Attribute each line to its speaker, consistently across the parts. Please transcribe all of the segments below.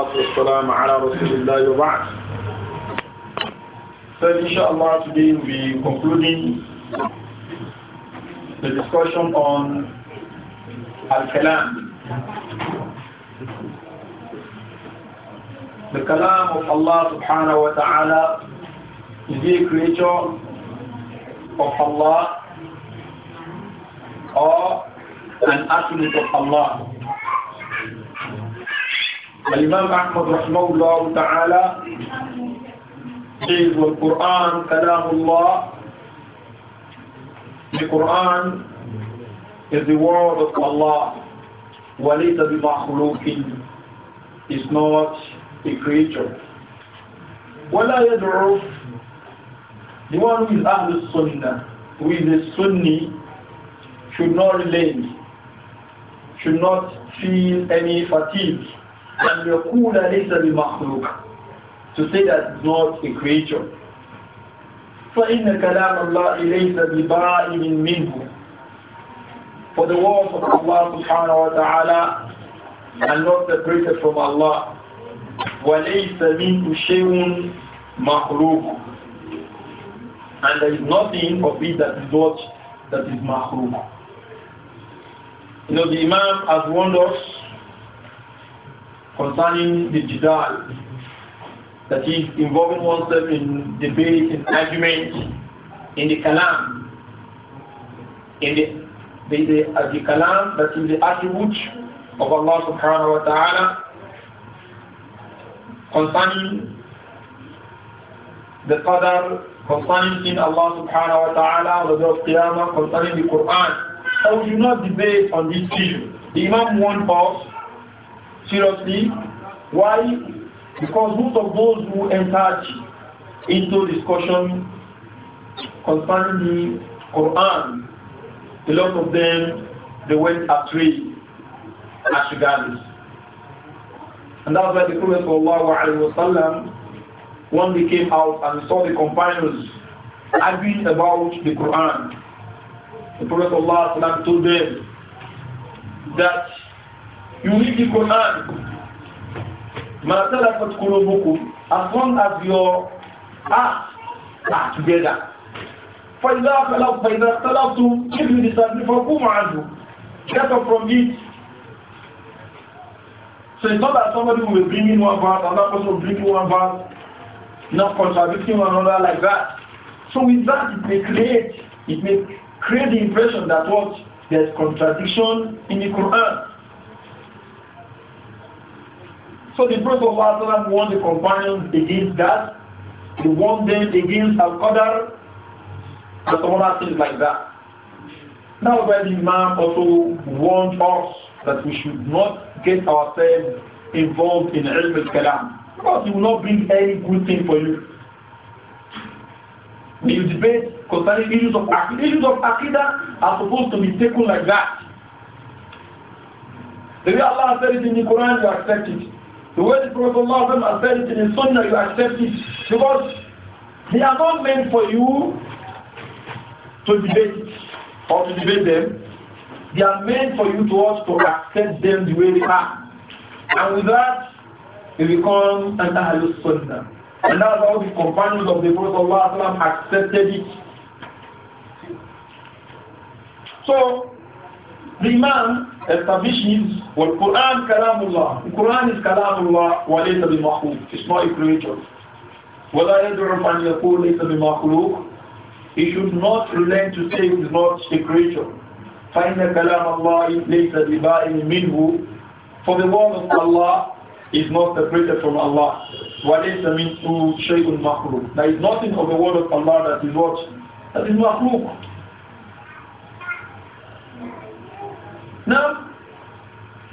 Speaker 1: والسلام على رسول الله وبعد So inshallah today we'll be concluding the discussion on
Speaker 2: Al-Kalam. The Kalam
Speaker 1: of Allah subhanahu wa ta'ala is he a creature of Allah or an attribute of Allah? Imam Ahmad rahmahullah ta'ala says, well, Quran, kalamullah, the Quran is the word of Allah. وَلَيْسَ بِمَخْلُوقٍ is not a creature. وَلَا يَدْعُ The one who is Ahlul Sunnah, who is a Sunni, should not relent, should not feel any fatigue أن يقول ليس بمخلوق to say that not a creature فإن كلام الله ليس ببائن منه for the words of Allah subhanahu wa ta'ala are not separated from Allah وليس منه شيء مخلوق and there is nothing of it that is not that is mahrub. You know, the Imam has warned us concerning the jidal, that is involving oneself in debate, in argument, in the kalam, in the the, the, uh, the kalam, that is the attribute of Allah subhanahu wa ta'ala concerning the qadr, concerning in Allah subhanahu wa ta'ala, the day of Qiyamah, concerning the Quran. how do will not debate on this issue. The Imam warned us seriously. Why? Because most of those who entered into discussion concerning the Quran, a lot of them they went astray as regards. And that's why the Prophet wasallam When they came out and saw the companions arguing about the Quran. The Prophet ﷺ told them that you read the Quran. As long as your hearts are together. for فإذا اختلف فإذا اختلفتم if you disagree فقوم عنه get up from it so it's not that somebody will bring in one verse another person will bring one verse not contradicting one another like that so with that it may create it may create the impression that what there's contradiction in the Quran So the Prophet ﷺ warned the companions against that. He warned them against Al-Qadr and some other things like that. Now where the Imam also warned us that we should not get ourselves involved in ilm al-kalam. Because it will not bring any good thing for you. When you debate concerning issues of aqidah, issues of aqidah are supposed to be taken like that. The way Allah said it in the Quran, you accept it. The way the Prophet Muhammad said it in his sunnah, you accept it. Because they are not meant for you to debate or to debate them. They are meant for you to accept them the way they are. And with that, you become an Ahlul Sunnah. And that's how the companions of the Prophet accepted it. So, the Imam establishes what Quran kalamullah. The Quran is kalamullah wa laysa bimahmud. It's not a creator. وَلَا يَدْعُ أَنْ يَقُولْ لَيْسَ بِمَخْلُوقٍ He should not relent to say it is not a creature. فَإِنَّ كَلَامَ اللَّهِ لَيْسَ بِبَائِنِ minhu. For the word of Allah is not separated from Allah. Wa وَلَيْسَ مِنْهُ shayun مَخْلُوقٍ There is nothing of the word of Allah that is what? That is makhluk. Now,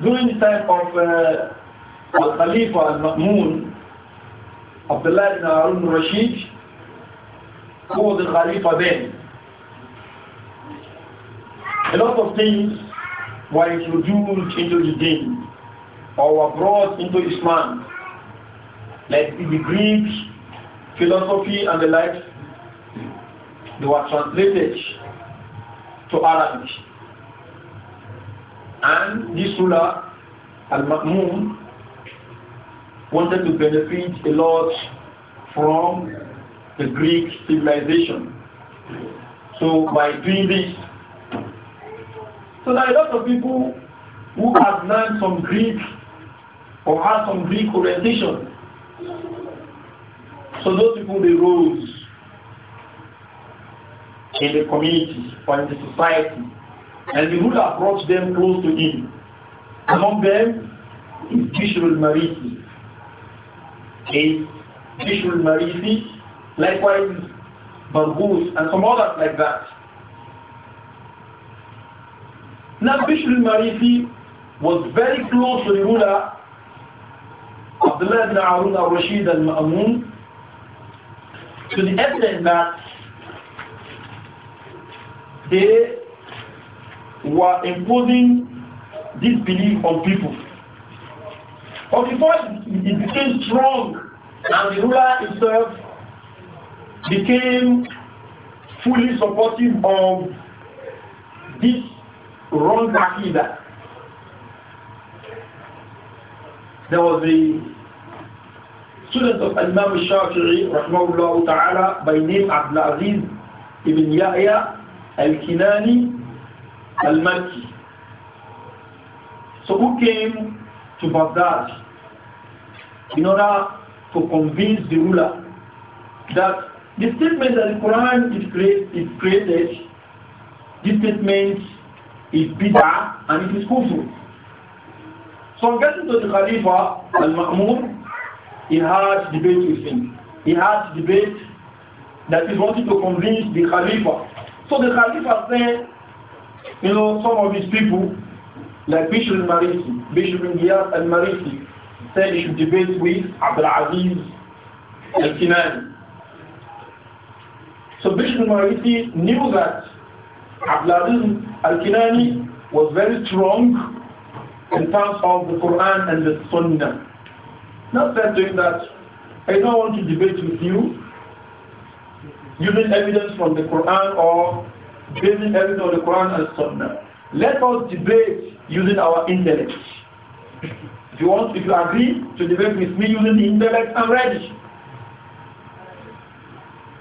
Speaker 1: during the time of uh, Al Khalifa Al Ma'mun, Abdullah ibn Harun Rashid, who was the Khalifa then, a lot of things were introduced into the deen or were brought into Islam, like the Greek philosophy and the like. They were translated to Arabic. And this ruler, Al-Ma'mun, wanted to benefit a lot from the Greek civilization. So by doing this, so there are a lot of people who have learned some Greek or have some Greek orientation. So those people they rose in the community or in the society. And he would approach them close to him. Among them is Bishrul Marisi. Is Bishrul Marisi, likewise Barghus, and some others like that. Now Bishrul Marisi was very close to the ruler Abdullah ibn al-Rashid al-Ma'amun to the extent that they were imposing this belief on people. But before it became strong and the ruler himself became fully supportive of this wrong akida. There was a student of Imam Shafi'i, rahmahullah ta'ala, by name Abdul Aziz ibn Yahya al-Kinani, al-Malki. So who came to Baghdad in order to convince the ruler that the statement that the Quran is, create, is created, this statement is bid'ah and it is kufr. So getting to the Khalifa al-Ma'mun, he had debate with him. He had debate that he wanted to convince the Khalifa. So the Khalifa said, you know, some of these people, like Bishop Mariti, marisi Bishop al and al-Marisi, said he should debate with Abdul Aziz al-Kinani. So Bishop Mariti marisi knew that Abdul Aziz al-Kinani was very strong in terms of the Quran and the Sunnah. Not that doing that, I don't want to debate with you using evidence from the Quran or basing everything on the Quran and Sunnah. Let us debate using our intellect. If you want, if you agree to debate with me using the intellect, I'm ready.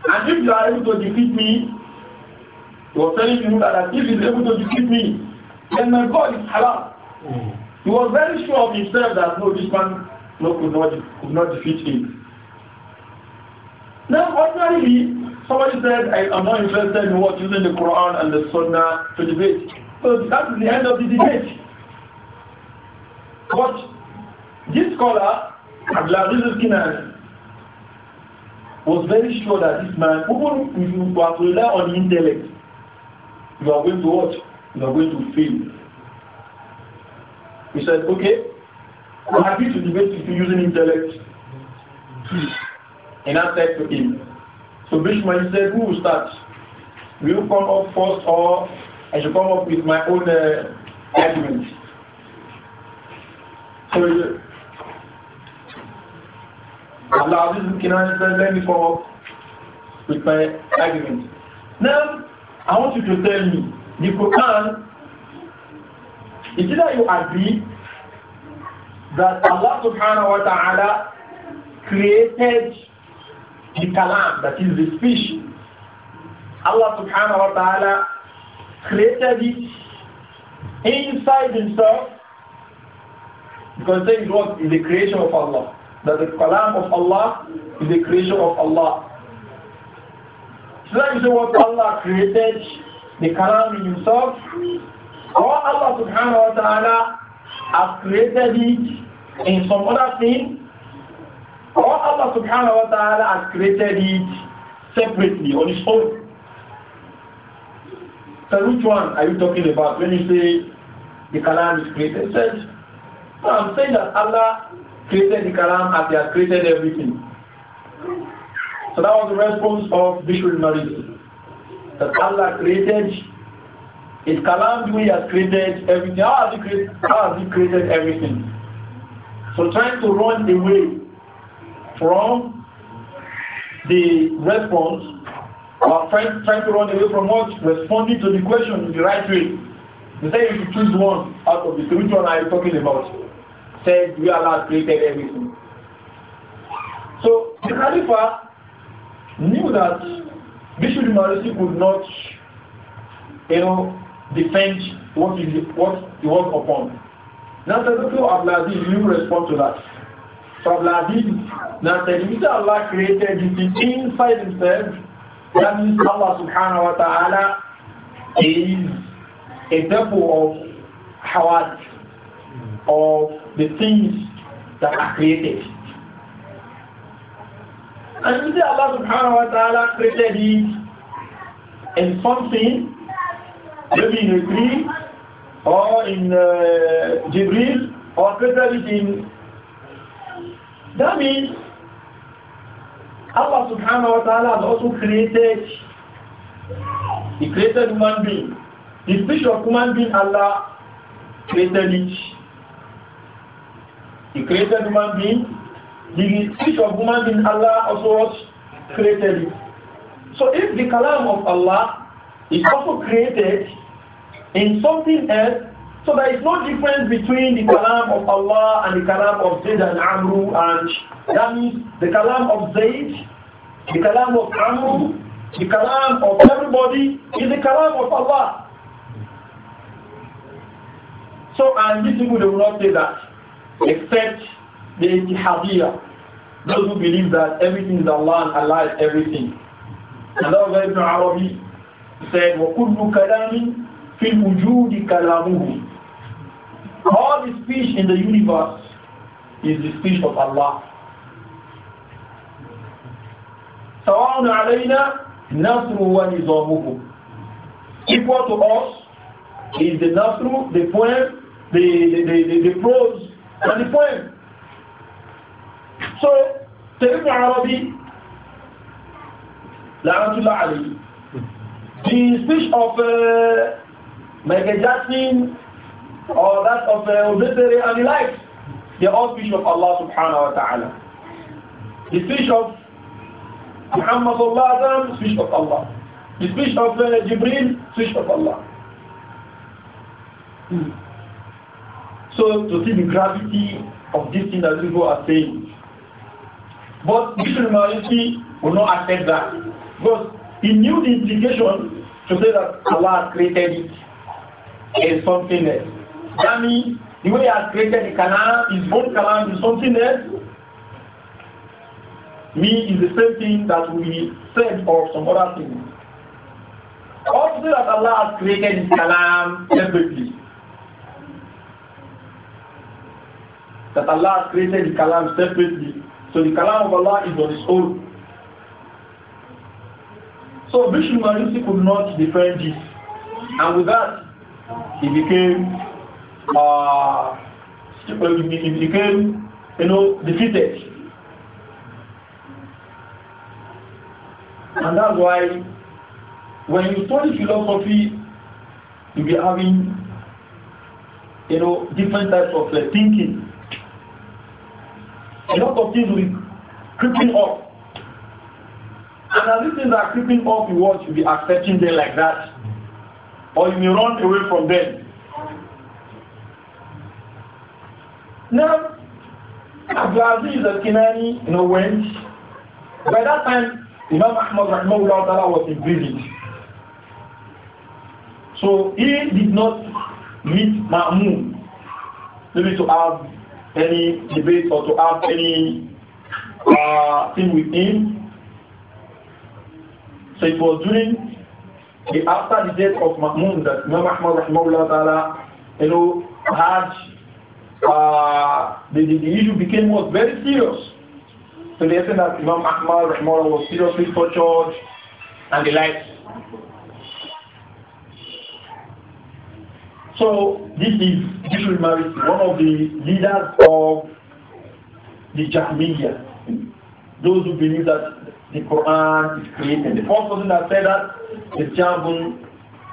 Speaker 1: And if you are able to defeat me, he was telling you that if he's able to defeat me, then my God is halal. He was very sure of himself that no, this man no, could, not, could not defeat him. Now, ordinarily, Somebody said, I am not interested in what using the Quran and the Sunnah to debate. So that is the end of the debate. But this scholar, Abdulaziz Kinani, was very sure that this man, even if you were to rely on intellect, you are going to what? You are going to fail. He said, okay, I'm happy to debate with you using intellect. And I said to him, so Bishma said, who will start? Will you come up first or I should come up with my own uh, argument? So Allah uh, Aziz Kinani said, let me come up with my argument. Now, I want you to tell me, the Quran, is it that you agree that Allah subhanahu wa ta'ala created the kalam, that is the speech. Allah subhanahu wa ta'ala created it inside himself because saying what is the creation of Allah. That the kalam of Allah is the creation of Allah. So that is what Allah created, the kalam in himself. Or Allah subhanahu wa ta'ala has created it in some other thing or Allah subhanahu wa ta'ala has created it separately on its own. So which one are you talking about when you say the Quran is created? Says, no, I'm saying that Allah created the Quran as he has created everything. So that was the response of Bishop Maris. That Allah created his Kalam the way he has created everything. How has he created, has he created everything? So trying to run away from the response or trying, trying to run away from what? Responding to the question in the right way. They say if you choose one out of the three, which one are you talking about? Said we are not created everything. So the Khalifa knew that Bishop Marisi could not, you know, defend what he, what he was upon. Now, Abdul Aziz, you respond to that. Fabladid. Now the reason Allah created it is inside himself. That means Allah subhanahu wa ta'ala is a temple of hawat, of the things that are created. And you see Allah subhanahu wa ta'ala created it in something,
Speaker 2: maybe in a tree,
Speaker 1: or in uh, Jibril, or created it in that means Allah subhanahu wa ta'ala has also created He created human being. The speech of human being Allah created it. He created human being. The speech of human being Allah also created it. So if the kalam of Allah is also created in something else so there is no difference between the kalam of Allah and the kalam of Zayd and Amru and that means the kalam of Zayd, the kalam of Amru, the kalam of everybody is the kalam of Allah. So and these people will not say that except the Intihadiyah, those who believe that everything is Allah and Allah is everything. And that was Ibn Arabi said, وَكُلُّ كَلَامٍ فِي الْوُجُودِ كَلَامُهُ all the speech in the universe is the speech of Allah. سواء علينا نصر ونظامه Equal to us is the Nasru, the poem, the, the, the, the, prose, and the poem. So, Ibn Arabi, La'atullah Ali, the speech of uh, Michael Jackson or that of uh, obituary and the like. They all fish of Allah subhanahu wa ta'ala. The fish of Muhammad sallallahu alayhi wa fish of Allah. The fish of uh, Jibreel, fish of Allah. Hmm. So to see the gravity of this thing that people are saying. But Bishop Maliki will not accept that. Because he knew the implication to say that Allah created it is something else. That means the way he has created the canal, his own canal is something else. Eh? Me is the same thing that we said of some other things. Also that Allah has created his kalam separately. That Allah has created the kalam separately. So the kalam of Allah is on its own. So Bishop Manusi could not defend this. And with that, he became uh, it became, you know, defeated. And that's why when you study philosophy, you'll be having, you know, different types of uh, thinking. A lot of things will be creeping up. And as these things are creeping up, you want to be accepting them like that. Or you may run away from them. Now, Abdulaziz al-Kinani you know, went. By that time, Imam Ahmad Rahimahullah Ta'ala was in prison, So he did not meet Ma'mun maybe to have any debate or to have any uh, thing with him. So it was during the after the death of Ma'mun that Imam Ahmad Rahimahullah Ta'ala you know, had Uh, the, the, issue became was very serious. So they said that Imam Ahmad Rahimahullah was seriously tortured and the like. So this is this is one of the leaders of the Jahmiyyah, those who believe that the Quran is created. The first person that said that is Jabun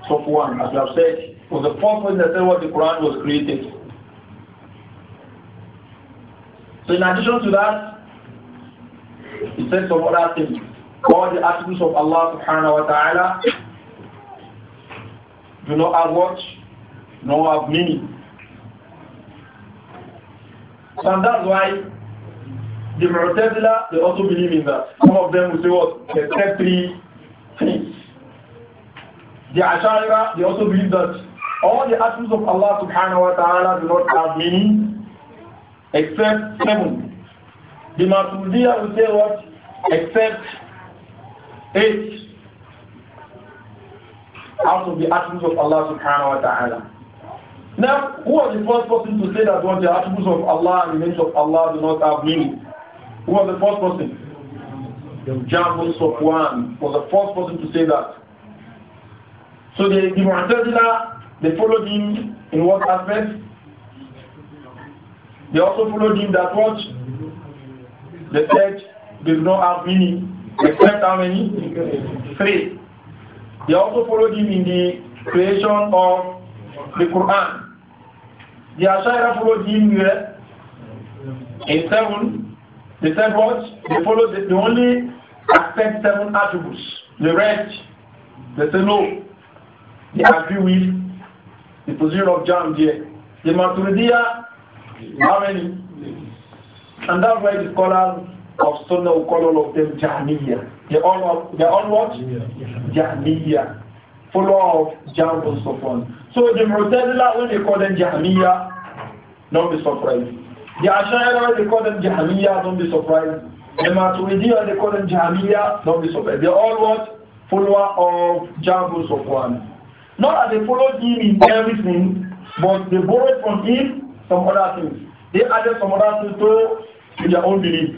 Speaker 1: Sofwan, as I have said, was the first person that said what the Quran was created. So in addition to that, he said some other things. All the attributes of Allah subhanahu wa ta'ala do not have do nor have meaning. And that's why the Mu'tazila, they also believe in that. Some of them will say what? The step three things. The Ash'ara, they also believe that all the attributes of Allah subhanahu wa ta'ala do not have meaning except seven. The Maturidiyah will say what? Except eight out of the attributes of Allah subhanahu wa ta'ala. Now, who was the first person to say that what the attributes of Allah and the names of Allah do not have meaning? Who was the first person? The Jabal Sofwan was the first person to say that. So the, the Mu'tazila, they followed him in what aspect? They also followed him that what? They said they do not have many, except how many? Three. They also followed him in the creation of the Quran. The Ashaira followed him where? In seven. They said what? They followed, the, they only accept seven attributes. The rest, they say no. They agree with the position of Jam here. The Maturidiya how many? And that's why the scholars of Sunnah will call all of them Jahmiyyah. They all they all what? Jahmiyyah. Follow of Jahm and on. So the Mu'tazila when they call them Jahmiyyah, don't be surprised. The Ash'ari when they call them Jahmiyyah, don't be surprised. The Maturidi when they call them Jahmiyyah, don't be surprised. They all what? Follower of Jahm and on. Not that they follow him in everything, but they borrow from him some other things. They added some other things to, to their own belief.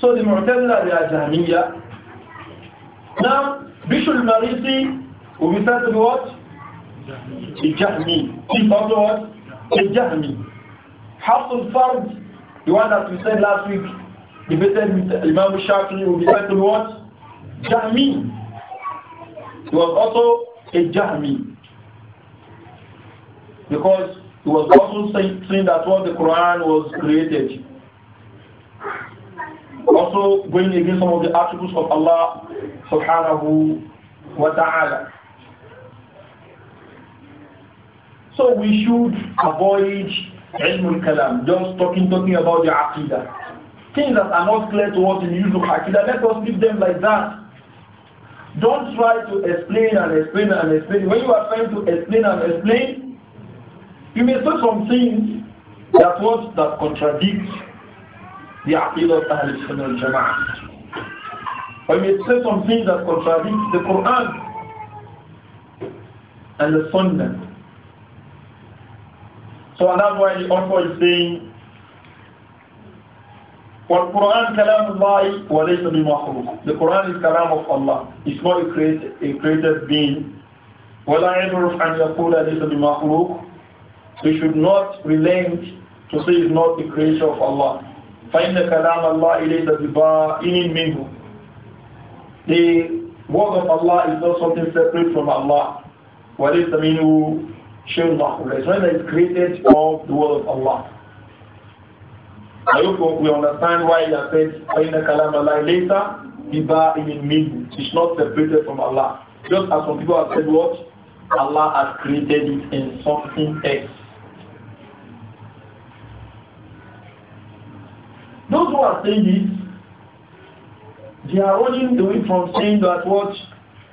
Speaker 1: So the Mu'tazila, they are Jahmiya.
Speaker 2: Now, Bishul
Speaker 1: Marisi will be said to be what? The Jahmi. He's also what? The Jahmi. Hafsul Fard, the one that we said last week, debated with Imam Shafi, will be said to be what? Jahmi. He was also Jahmi. Because he was also saying, that what the Quran was created. Also going against some of the attributes of Allah subhanahu wa ta'ala. So we should avoid ilm al-kalam, just talking, talking about the aqidah. Things that are not clear to us in the use of aqidah, let us leave them like that. Don't try to explain and explain and explain. When you are trying to explain and explain, you may say some things that was that contradict the appeal of Ahl Sunnah al Jama'ah. Or you may say some things that contradict the Quran and the Sunnah. So and that's why the author is saying the Quran is kalam of Allah. It's not a, created, a created being. ولا يعرف أن يقول ليس بمخلوق. We should not relent to say it's not the creation of Allah. فإن كلام الله ليس ببائن منه. The word of Allah is not something separate from Allah. وليس منه شيء محروق. It's not that it's created of the word of Allah. I hope we understand why has said, Aina kalam Allah later, Iba in mean. It's not separated from Allah. Just as some people have said what? Allah has created it in something else. Those who are saying this, they are running away from saying that what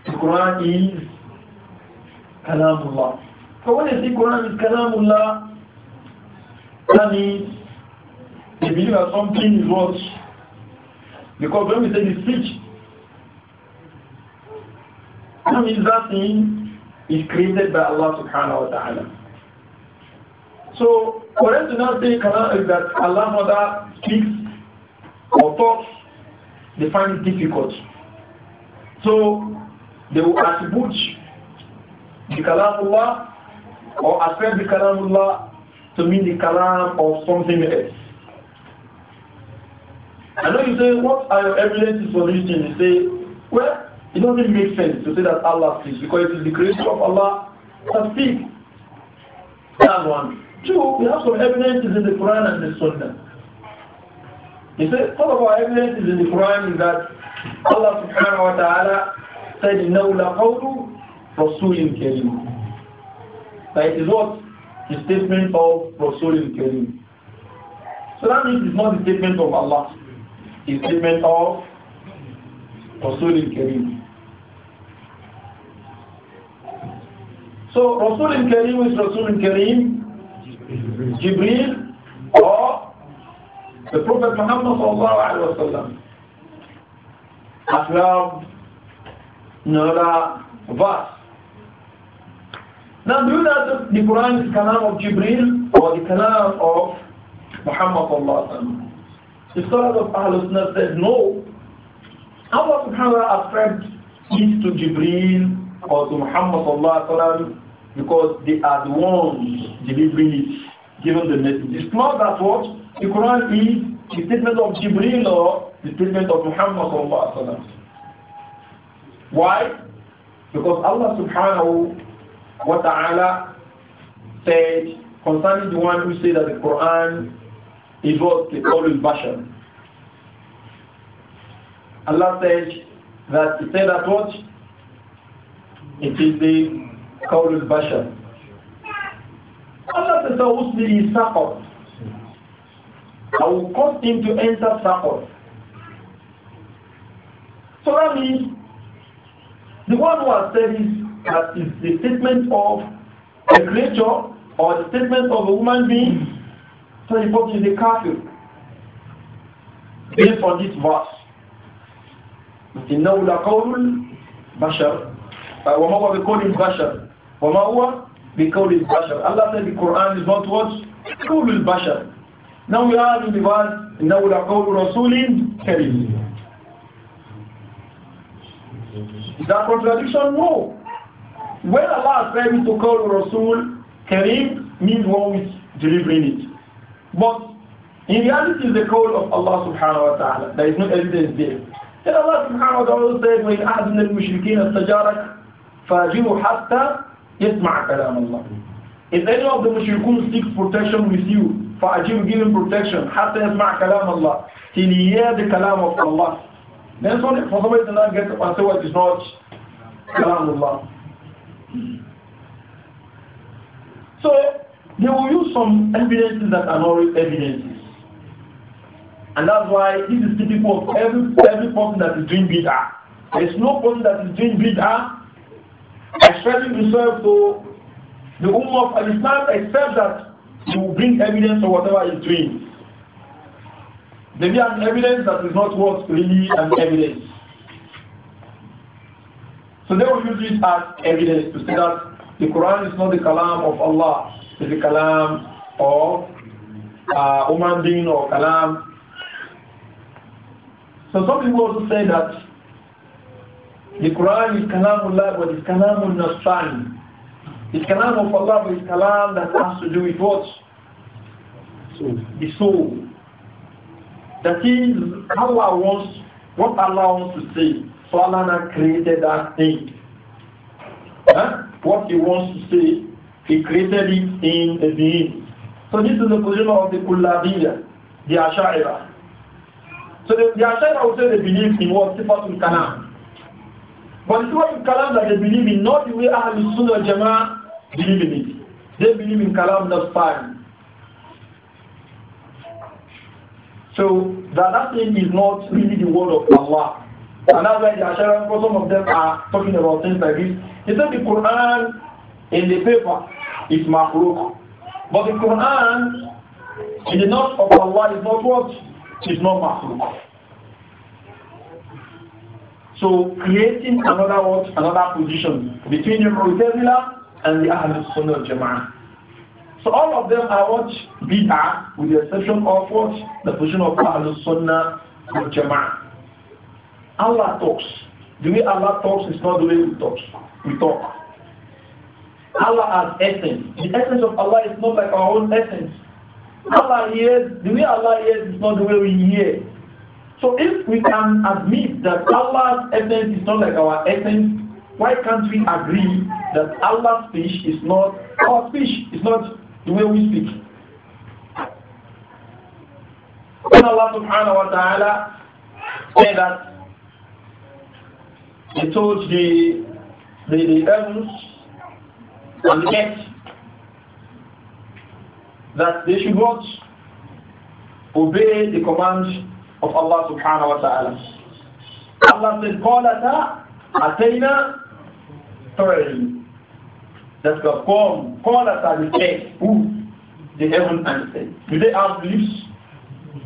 Speaker 1: the Quran is Kalamullah. So when they say Quran is Kalamullah,
Speaker 2: that means
Speaker 1: they believe that something is what? Because when we say the speech, that means that thing is created by Allah subhanahu wa ta'ala. So, for us to not say is that Allah Mother speaks or talks, they find it difficult. So, they will attribute the Kalamullah or accept the Kalamullah to mean the Kalam of something else. I know you say, what are your evidences for this thing? You say, well, it doesn't make sense to say that Allah speaks because it is the creation of Allah that speaks. That's one. Two, we have some evidences in the Quran and the Sunnah. You say, some of our evidences in the Quran is that Allah subhanahu wa ta'ala said, إِنَّهُ
Speaker 2: لَقَوْلُ
Speaker 1: رَسُولٍ كَرِيمٍ That is what? The statement of Rasul Kareem. So that means it's not the statement of Allah is statement of Rasulul Karim. So Rasulul Karim is Rasulul Karim, Jibril, or the Prophet Muhammad sallallahu alaihi wasallam. Aslam, Nara, Vas. Now do you know the Quran is Kalam of Jibril or the Kalam of Muhammad sallallahu alaihi wasallam? The scholars of ahl said, no. Allah subhanahu wa ascribed it to Jibreel or to Muhammad sallallahu because they are the ones delivering it, given the message. It's not that what the Quran is the statement of Jibreel or the statement of Muhammad sallallahu alayhi Why? Because Allah subhanahu wa ta'ala said concerning the one who said that the Quran it was the Qawlul Bashar. Allah says that he said that what? It is the Qawlul Bashar. Allah says Usli Saqat. I will cause him to enter Saqat. So that means the one who has said is that is the statement of a creature or the statement of a human being so the person is a kafir. Based on this verse. إنه لقول بشر uh, وما هو بقول بشر وما هو بقول Bashar. Allah said the Quran is not what? قول Bashar. Now we are in the verse إنه لقول رسول كريم Is that contradiction? No. When Allah said to call Rasul Karim means one is delivering it. But in reality, it's the call of Allah subhanahu wa ta'ala. There is no evidence there. Then Allah subhanahu wa ta'ala said, وَإِنْ أَحْدٍ مِنَ الْمُشْرِكِينَ اسْتَجَارَكَ فَأَجِرُوا حَتَّى يَسْمَعَ كَلَامَ اللَّهِ If any of the mushrikun seeks protection with you, فَأَجِرُوا give him protection حَتَّى يَسْمَعَ كَلَامَ اللَّهِ Till he hear the kalam of Allah. Then for somebody to not get up and say it is not kalam Allah. So, they will use some evidences that are not evidences. And that's why this is typical of every, every person that is doing bid'ah. There's no person that is doing bid'ah expressing himself to the Ummah of Islam except that he will bring evidence or whatever he's doing. Maybe an evidence that is not worth really an evidence. So they will use this as evidence to say that the Quran is not the kalam of Allah to the kalam or uh, human being or kalam. So some people also say that the Quran is kalamullah but it's kalamun nafsani. It's kalam of Allah but it's kalam that has to do with what? So, the soul. That is Allah wants what Allah wants to say. So Allah created that thing. Huh? What he wants to say he created it in a being. So this is the position of the Kullabiyya, the Asha'ira. So the, the Asha'ira also they believe in what Sifatul Kalam. But it's not in Kalam that they believe in, not the way Ahlul Sunnah Jama'ah believe in it. They believe in Kalam not fine. So that, that thing is not really the word of Allah. And that's why the Asha'ira, some of them are talking about things like this. They said the Quran in the paper is makhluk. But the Quran in the north of Allah is not what? It's not makhluk. So creating another what? Another position between the Mu'tazila and the Ahl Sunnah Jama'ah. So all of them are what? Bid'ah with the exception of what? The position of Ahl Sunnah Jama'ah. Allah talks. The way Allah talks is not the way we talk. We talk. Allah has essence. The essence of Allah is not like our own essence. Allah hears, the way Allah hears is not the way we hear. So if we can admit that Allah's essence is not like our essence, why can't we agree that Allah's speech is not our speech, is not the way we speak? When Allah subhanahu wa ta'ala said that He told the the, the heavens and the That they should not obey the command of Allah subhanahu wa ta'ala. Allah said, Qalata atayna thoroughly. That God come, Qalata the earth, who? The heaven and the earth. Do they have beliefs?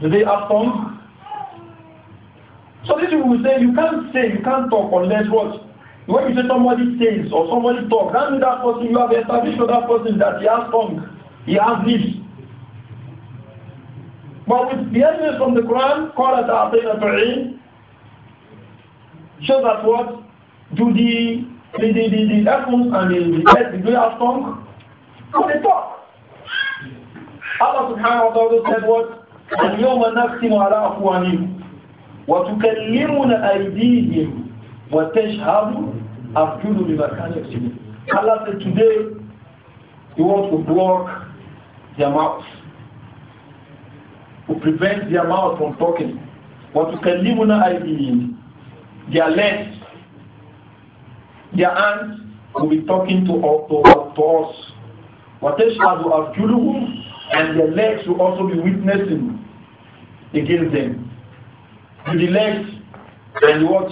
Speaker 1: Do they have tongue? So this people will say, you can't say, you can't talk unless what? When you say somebody says or somebody talks, that means that person, you have established for that person that he has tongue, he has lips. But with the evidence from the Quran, Qala ta'atayna tu'in, shows that what? Do the, the, the, the, the elephants and the, the pets, do they have tongue? So they talk. Allah subhanahu wa ta'ala said what? اليوم نختم على أفواههم وتكلمنا أيديهم Allah said today you want to block their mouths to prevent their mouth from talking وَتُكَلِّمُنَا أَيْدِيهِمْ their legs their hands will be talking to, to, to us وَتَشْهَدُ أَفْجُلُهُمْ and their legs will also be witnessing against them. You the legs and watch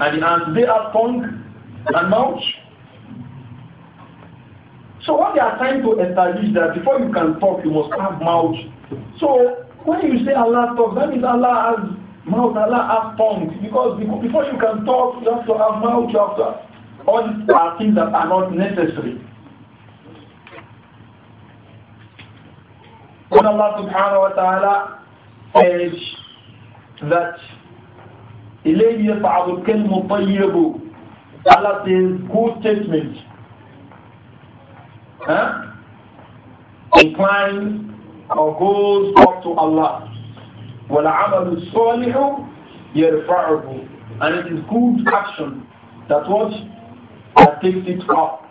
Speaker 1: and as they are tongue and mouth. So what they are trying to establish that before you can talk, you must have mouth. So when you say Allah talks, that means Allah has mouth, Allah has tongue. Because before you can talk, you have to have mouth, you have to have all these are things that are not necessary. When Allah subhanahu wa ta'ala says that إليه يصعد الكلم الطيب Allah says good statement huh? inclines or goes up to Allah وَالْعَمَلُ الصَّالِحُ يَرْفَعُهُ and it is good action that what that takes it up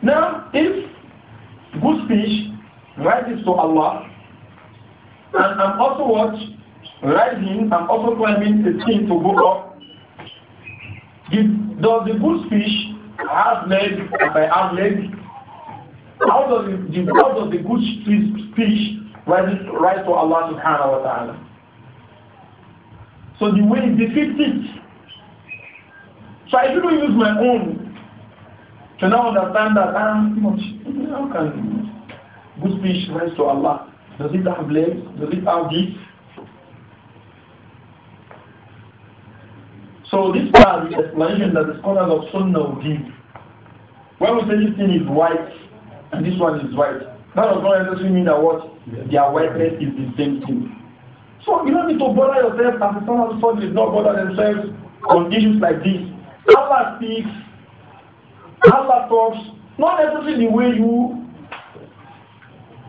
Speaker 1: now if good speech rises to Allah and I'm also what rising and also climbing a tree to go up? does the goldfish have legs if uh, I have legs? How does the, how does the good fish rise, rise to Allah subhanahu wa ta'ala? So the way is defeats it. So I shouldn't use my own to now understand that I'm ah, too much. How can good fish rise to Allah? Does it have legs? Does it have this? So this part is the explanation that the scholars of Sunnah will give. When we say this thing is white and this one is white, that does not necessarily mean that what their whiteness is the same thing. So you don't need to bother yourself and the scholars of Sunnah did not bother themselves on issues like this. Allah speaks, Allah talks, not necessarily the way you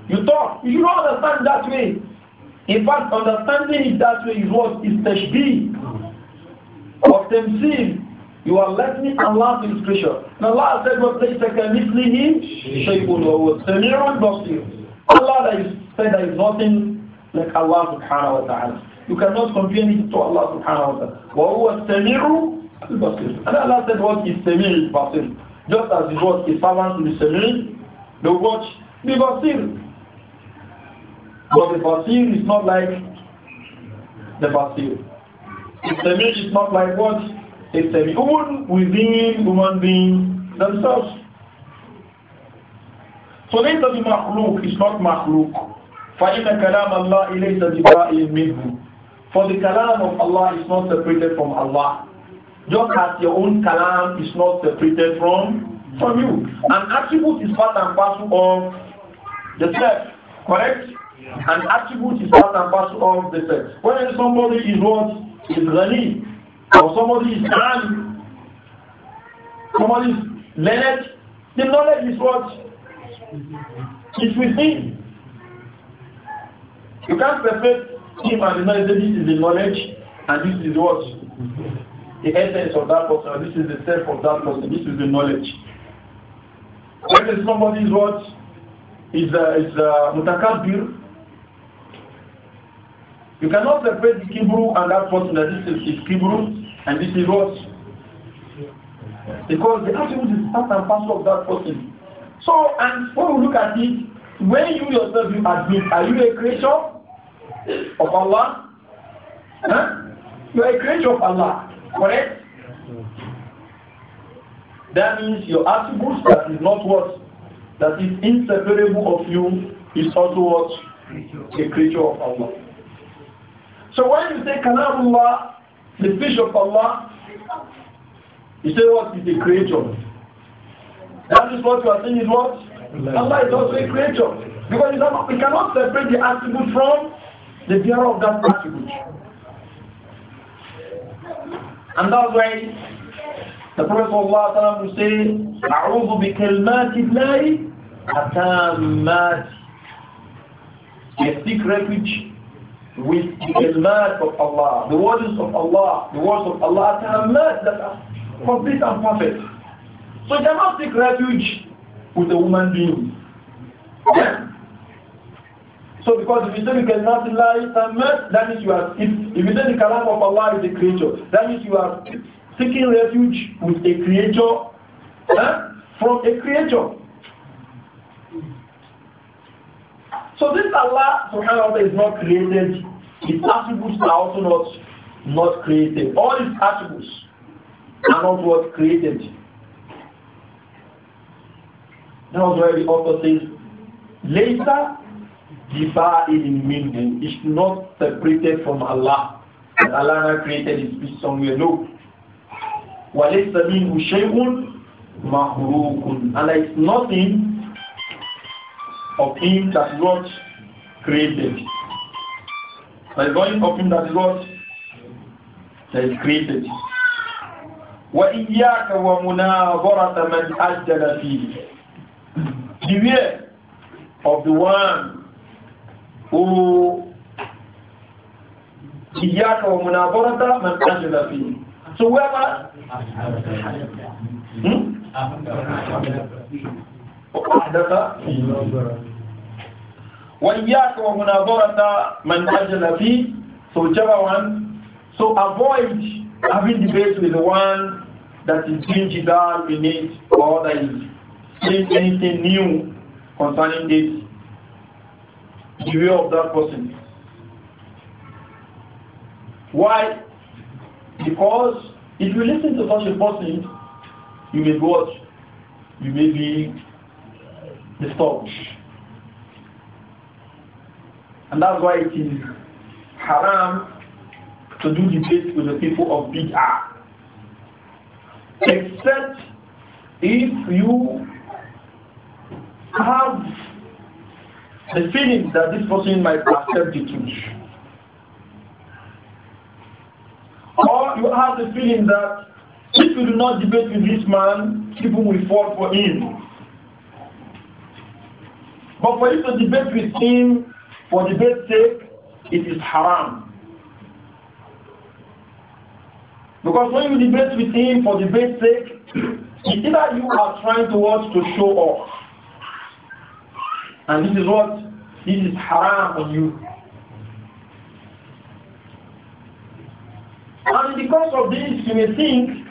Speaker 1: you talk. You don't understand that way. In fact, understanding it that way is what is tashbih of tamsil. You are lacking Allah's scripture. And Allah said, وَقْلَيْسَ كَمِثْلِهِ شَيْءٌ وَهُوَ السَّمِيعُ الْبَصِيرُ Allah that is, said there is nothing like Allah subhanahu wa ta'ala. You cannot compare it to Allah subhanahu wa ta'ala. وَهُوَ السَّمِيعُ الْبَصِيرُ And Allah said what is Samir is Basir. Just as it was a servant to the Samir, the watch, the Basir. But the Basir is not like the Basir image is not like what? a Even within human beings themselves. So this is makhluk, it's not makhluk. فَإِنَّ كَلَامَ اللَّهِ لَيْسَ بِبَائِهِ مِنْهُ For the kalam of Allah is not separated from Allah. Just as your own kalam is not separated from, from you. An attribute is part and parcel of the self, correct? An attribute is part and parcel of the self. When somebody is what? is ghani, or somebody is grand, somebody is learned, the knowledge is what? It's
Speaker 2: within.
Speaker 1: You can't separate him and the knowledge. This is the knowledge, and this is what? The essence of that person, this is the self of that person, this is the knowledge. When somebody is what? Is uh, is uh, mutakabir, you cannot separate the kibru and that person that this is, is kibru and this is what? Because the attribute is part and parcel of that person. So, and when we look at it, when you yourself you admit, are you a creature of Allah? Huh? You are a creature of Allah, correct? That means your attributes that is not what? That is inseparable of you is also what? A creature of Allah. So when you say Kalamullah, the fish of Allah, you say what is the creator. That is what you are saying is what? Allah is also a creator. Because we cannot separate the attribute from the bearer of that attribute. And that way, the Prophet Allah will say, أعوذ بكلمات الله أتامات. I seek refuge with the ilmat of Allah, the words of Allah, the words of Allah, that are complete and perfect. So you cannot take refuge with a woman being. so because if you say you cannot lie, ta'amat, that means you are, if, if you say the kalam of Allah is a creature, that means you are seeking refuge with a creature, from a creature. So this Allah subhanahu wa ta'ala is not created. His attributes are also not, not created. All his attributes are not what created. That was why the author says, later in meaning is not separated from Allah. And Allah created his speech somewhere. No. وَلَيْسَ مِنْهُ شَيْءٌ مَحْرُوكٌ And there is nothing of him that God created. by going of him that is what that is created. وإياك ومناظرة من أجل فيه Beware of the one who إياك ومناظرة من أجل فيه So whoever hmm? وحدث فيه وإياك ومناظرة من أجل فيه so whichever one so avoid having debate with the one that is doing jidal beneath or that is saying anything new concerning this view of that person why because if you listen to such a person you may watch you may be disturbed. And that's why it is haram to do debate with the people of Bid'ah. Except if you have the feeling that this person might accept the truth. Or you have the feeling that if you do not debate with this man, people will fall for him. But for you to debate with him for debate's sake, it is haram. Because when you debate with him for debate's sake, it's either you are trying to watch to show off. And this is what this is haram on you. And because of this, you may think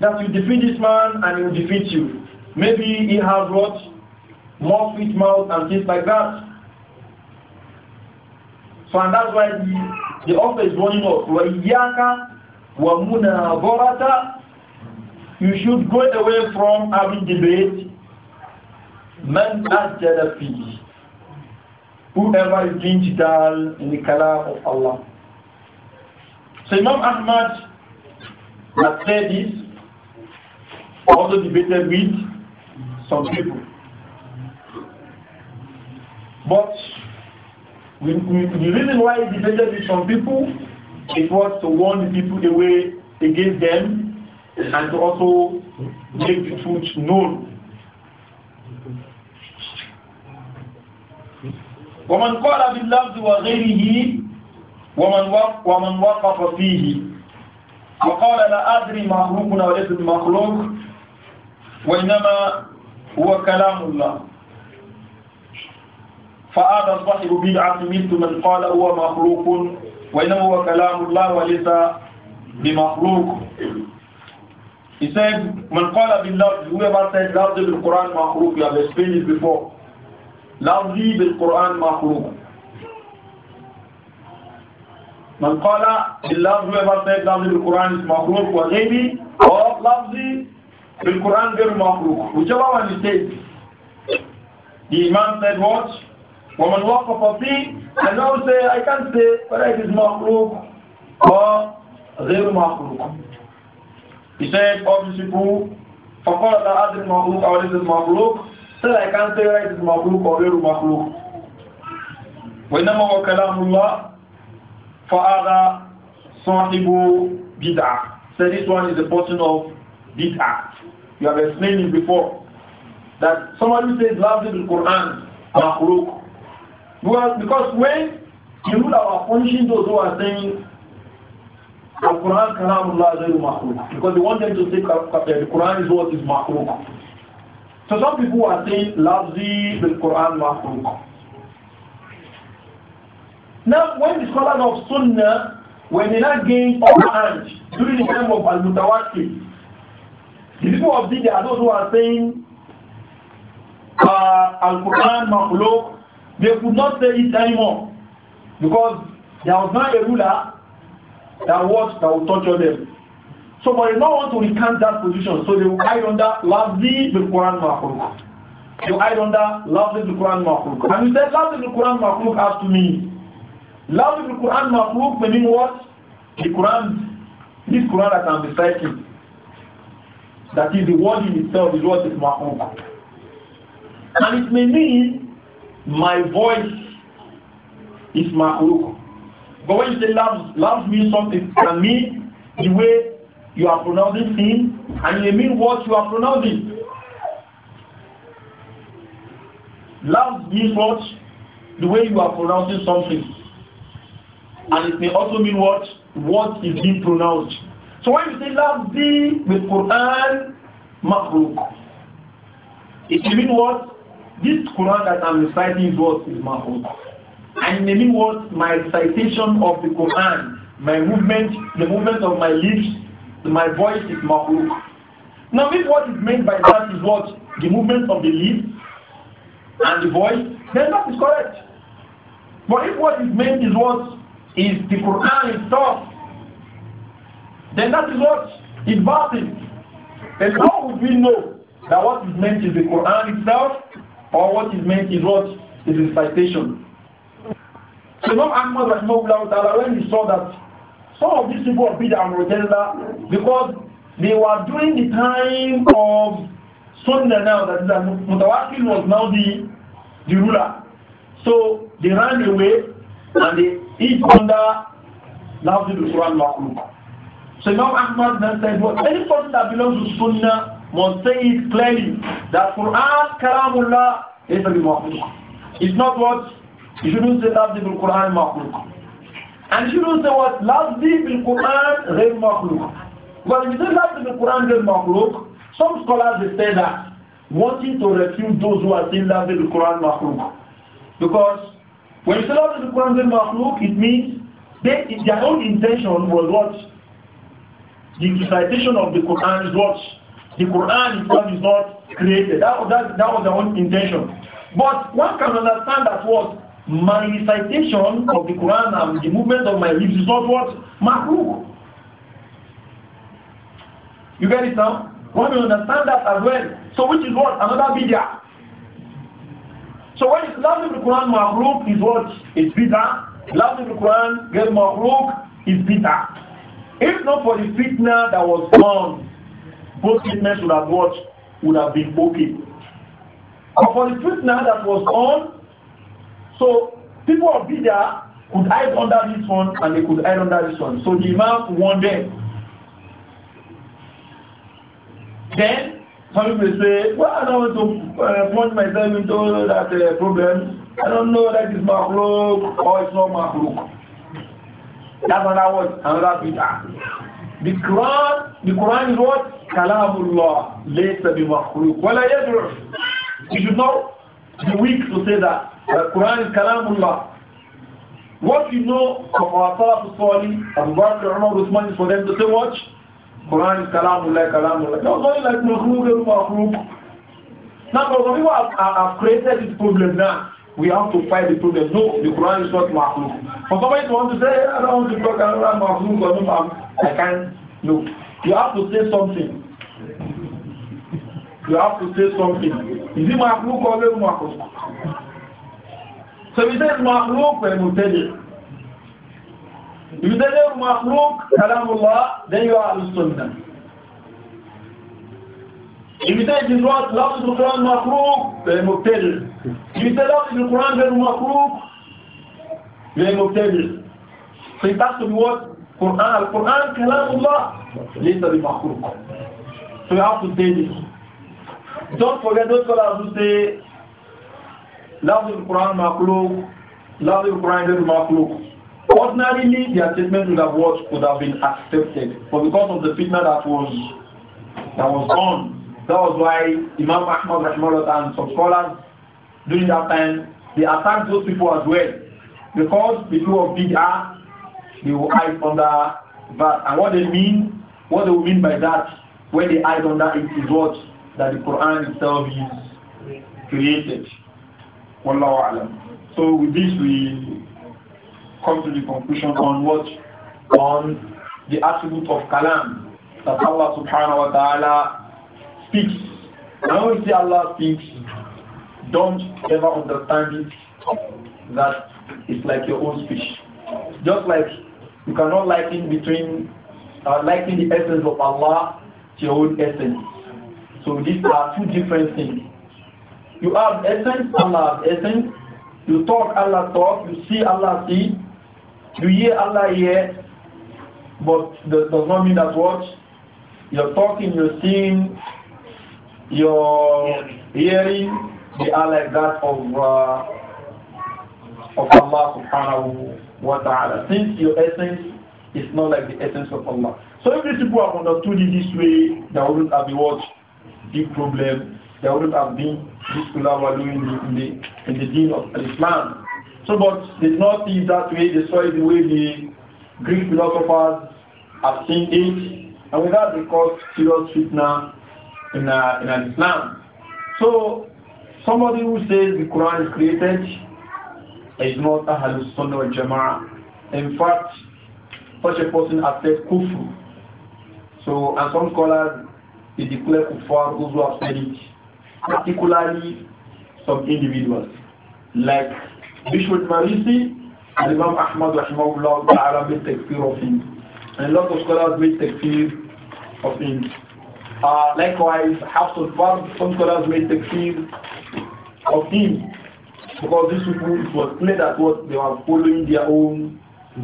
Speaker 1: that you defeat this man and he will defeat you. Maybe he has what? more sweet mouth and things like that. So and that's why the, the offer is warning us, وَإِيَّاكَ وَمُنَاظَرَةَ You should go away from having debate. Men أَجَّدَ فِيهِ Whoever is being jidal in the color of Allah. So Imam Ahmad has said this, also debated with some people. But the reason why he defended with some people, it was to warn the people away against them and to also make the truth known. ومن قال باللفظ وغيره ومن ومن وقف فيه وقال لا أدري مخلوق وليس بمخلوق وإنما هو كلام الله فهذا صاحب بدعة مثل من قال هو مخلوق وإنما هو كلام الله وليس بمخلوق He said, من قال بالله whoever said لفظ بالقرآن مخلوق, you have explained it before. لفظي بالقرآن مخلوق. من قال بالله whoever said لفظ بالقرآن is مخلوق وغيري, or لفظ بالقرآن غير مخلوق. Whichever one he said, the Imam said what? ومن وقف فيه أنه say I can't say whether it is مخلوق or غير مخلوق he said of the people فقال لا أدري مخلوق أو ليس مخلوق said I can't say whether it is مخلوق or غير مخلوق وإنما هو كلام الله فهذا صاحب بدعة so this one is a portion of bid'ah you have explained it before that somebody says love the Quran makhluk Because when you rule our punishing those who are saying the Quran kalamullah zayru makhluq because they want them to say eh, the Quran is what is makhluq. So some people are saying lafzi the Quran makhluq. Now when the scholars of Sunnah when they not gain upper hand during the time of Al-Mutawakkil, the people of Didi are those who are saying uh, Al-Quran makhluq They could not say it anymore because there was not a ruler that was that would torture them. So but they don't want to recant that position, so they will hide under Lazi the Quran Mahruk. They will hide under Lazi the Quran Mahruk. And you said Lazi the Quran Mahruk has to mean Lazi the Quran Mahruk meaning what? The Quran this Quran that I'm reciting. That is the word in itself is what is Mahruk.
Speaker 2: And it may mean
Speaker 1: my voice is ma'ruk. But when you say loves, loves means something, can mean the way you are pronouncing things and you mean what you are pronouncing. Love means what? The way you are pronouncing something. And it may also mean what? What is being pronounced. So when you say love thee with Quran, mahruk. It means what? This Quran that I'm reciting is what is mahfuz. And in any words, my recitation of the Quran, my movement, the movement of my lips, my voice is mahfuz. Now, if what is meant by that is what the movement of the lips and the voice, then that is correct. But if what is meant is what is the Quran itself, then that is what is batil. Then how would we know that what is meant is the Quran itself or what is meant is what is incitation. So now Ahmad Rahimahullah Ta'ala when he saw that some of these people of Bid'ah and Rotella because they were during the time of Sunnah now that, that Mutawakil was now the, the ruler. So they ran away and they each under the Quran So now Ahmad then said, well, any person that belongs to Sunnah must say it clearly that Quran Kalamullah is a maqluk. It's not what you shouldn't say that the Quran maqluk. And you shouldn't say what lafzi bil Quran ghayr maqluk. But if you say lafzi bil Quran ghayr maqluk, some scholars they say that wanting to refute those who are saying lafzi bil Quran maqluk. Because when you say lafzi bil Quran ghayr maqluk, it means they, their own intention was what? The recitation of the Quran is what? The Quran itself is not created. That, that, that was their own intention. But one can understand that what my recitation of the Quran and the movement of my lips is not what makruh. You get it now? One will understand that as well. So which is what? Another bid'ah. So when it's loving the Quran makruh is what? It's Loud Loving the Quran get makruh is bid'ah. If not for the fitna that was born. both sickness would have what would have been okay. But for the fitna that was on, so people of Bidah could hide under this one and they could hide under this one. So the Imam warned them. Then some people say, well, I don't want to uh, plunge myself into that uh, problem. I don't know that it's mahluk or it's not mahluk. That's another word, another bidah. The Quran, the Quran is what? Kalamullah, laysa bi makhluq, wala yad'u. You should not be weak to say that. The Quran is Kalamullah. What you know from our Salaf Sali, Abu Bakr Umar Uthman is for them to say what? Quran is Kalamullah, Kalamullah. That's only like makhluq, makhluq. Now, but people have, have, created this problem now. We have to fight the problem. No, the Quran is not makhluq. For somebody to want to say, I don't want to talk, I don't want makhluq, or no makhluq. I can't. No. You have to say something. You have to say something. Is it Makhlouk or not Makhlouk? So if you say Makhlouk, then you tell it. If you tell Makhlouk, Kalamullah, then you are Al-Sunnah. If you say this was love the Quran Makhlouk, then you tell it. If you say love the Quran, then Makhlouk, then you tell it. So it has to be what? Quran, Quran, Kalamullah, later the Makhluk. So we have to say this. Don't forget those scholars who say, Love the Quran, Makhluk, Love the Quran, is Makhluk. Ordinarily, their statement would have, what, would have been accepted. But because of the fitna that was, that was on, that was why Imam Ahmad Rahimahullah and some scholars during that time, they attacked those people as well. Because the people of Bid'ah they will hide under that. And what they mean, what they will mean by that, when they hide under it is what that the Quran itself is created. So with this we come to the conclusion on what on the attribute of kalam that Allah subhanahu wa ta'ala speaks. Now when we say Allah speaks, don't ever understand it that it's like your own speech. Just like you cannot liken between uh, liken the essence of Allah to your own essence. So these are two different things. You have essence, Allah has essence. You talk, Allah talk. You see, Allah see. You hear, Allah hear. But that does not mean that what you're talking, you're seeing, you're hearing, they are like that of uh, of Allah Subhanahu wa ta'ala. Since your essence is not like the essence of Allah. So if these people have understood it this way, there wouldn't have been what? Big problem. There wouldn't have been this Kulawalu in the, in the, in the deen of Islam. So but they did not see it that way. They saw it the way the Greek philosophers have seen it. And with that they caused serious fitna in, a, uh, in Islam. So somebody who says the Quran is created is not Ahlul Sunnah wal Jama'ah. In fact, such a person has said kufr. So, and some scholars, they declare kufr those who have said it, particularly some individuals, like Bishop Marisi and Imam Ahmad Rahimahullah Ta'ala made takfir of him. And a lot of scholars made takfir of him. Uh, likewise, half of some scholars made takfir of him. Because these people, it was clear that what they were following their own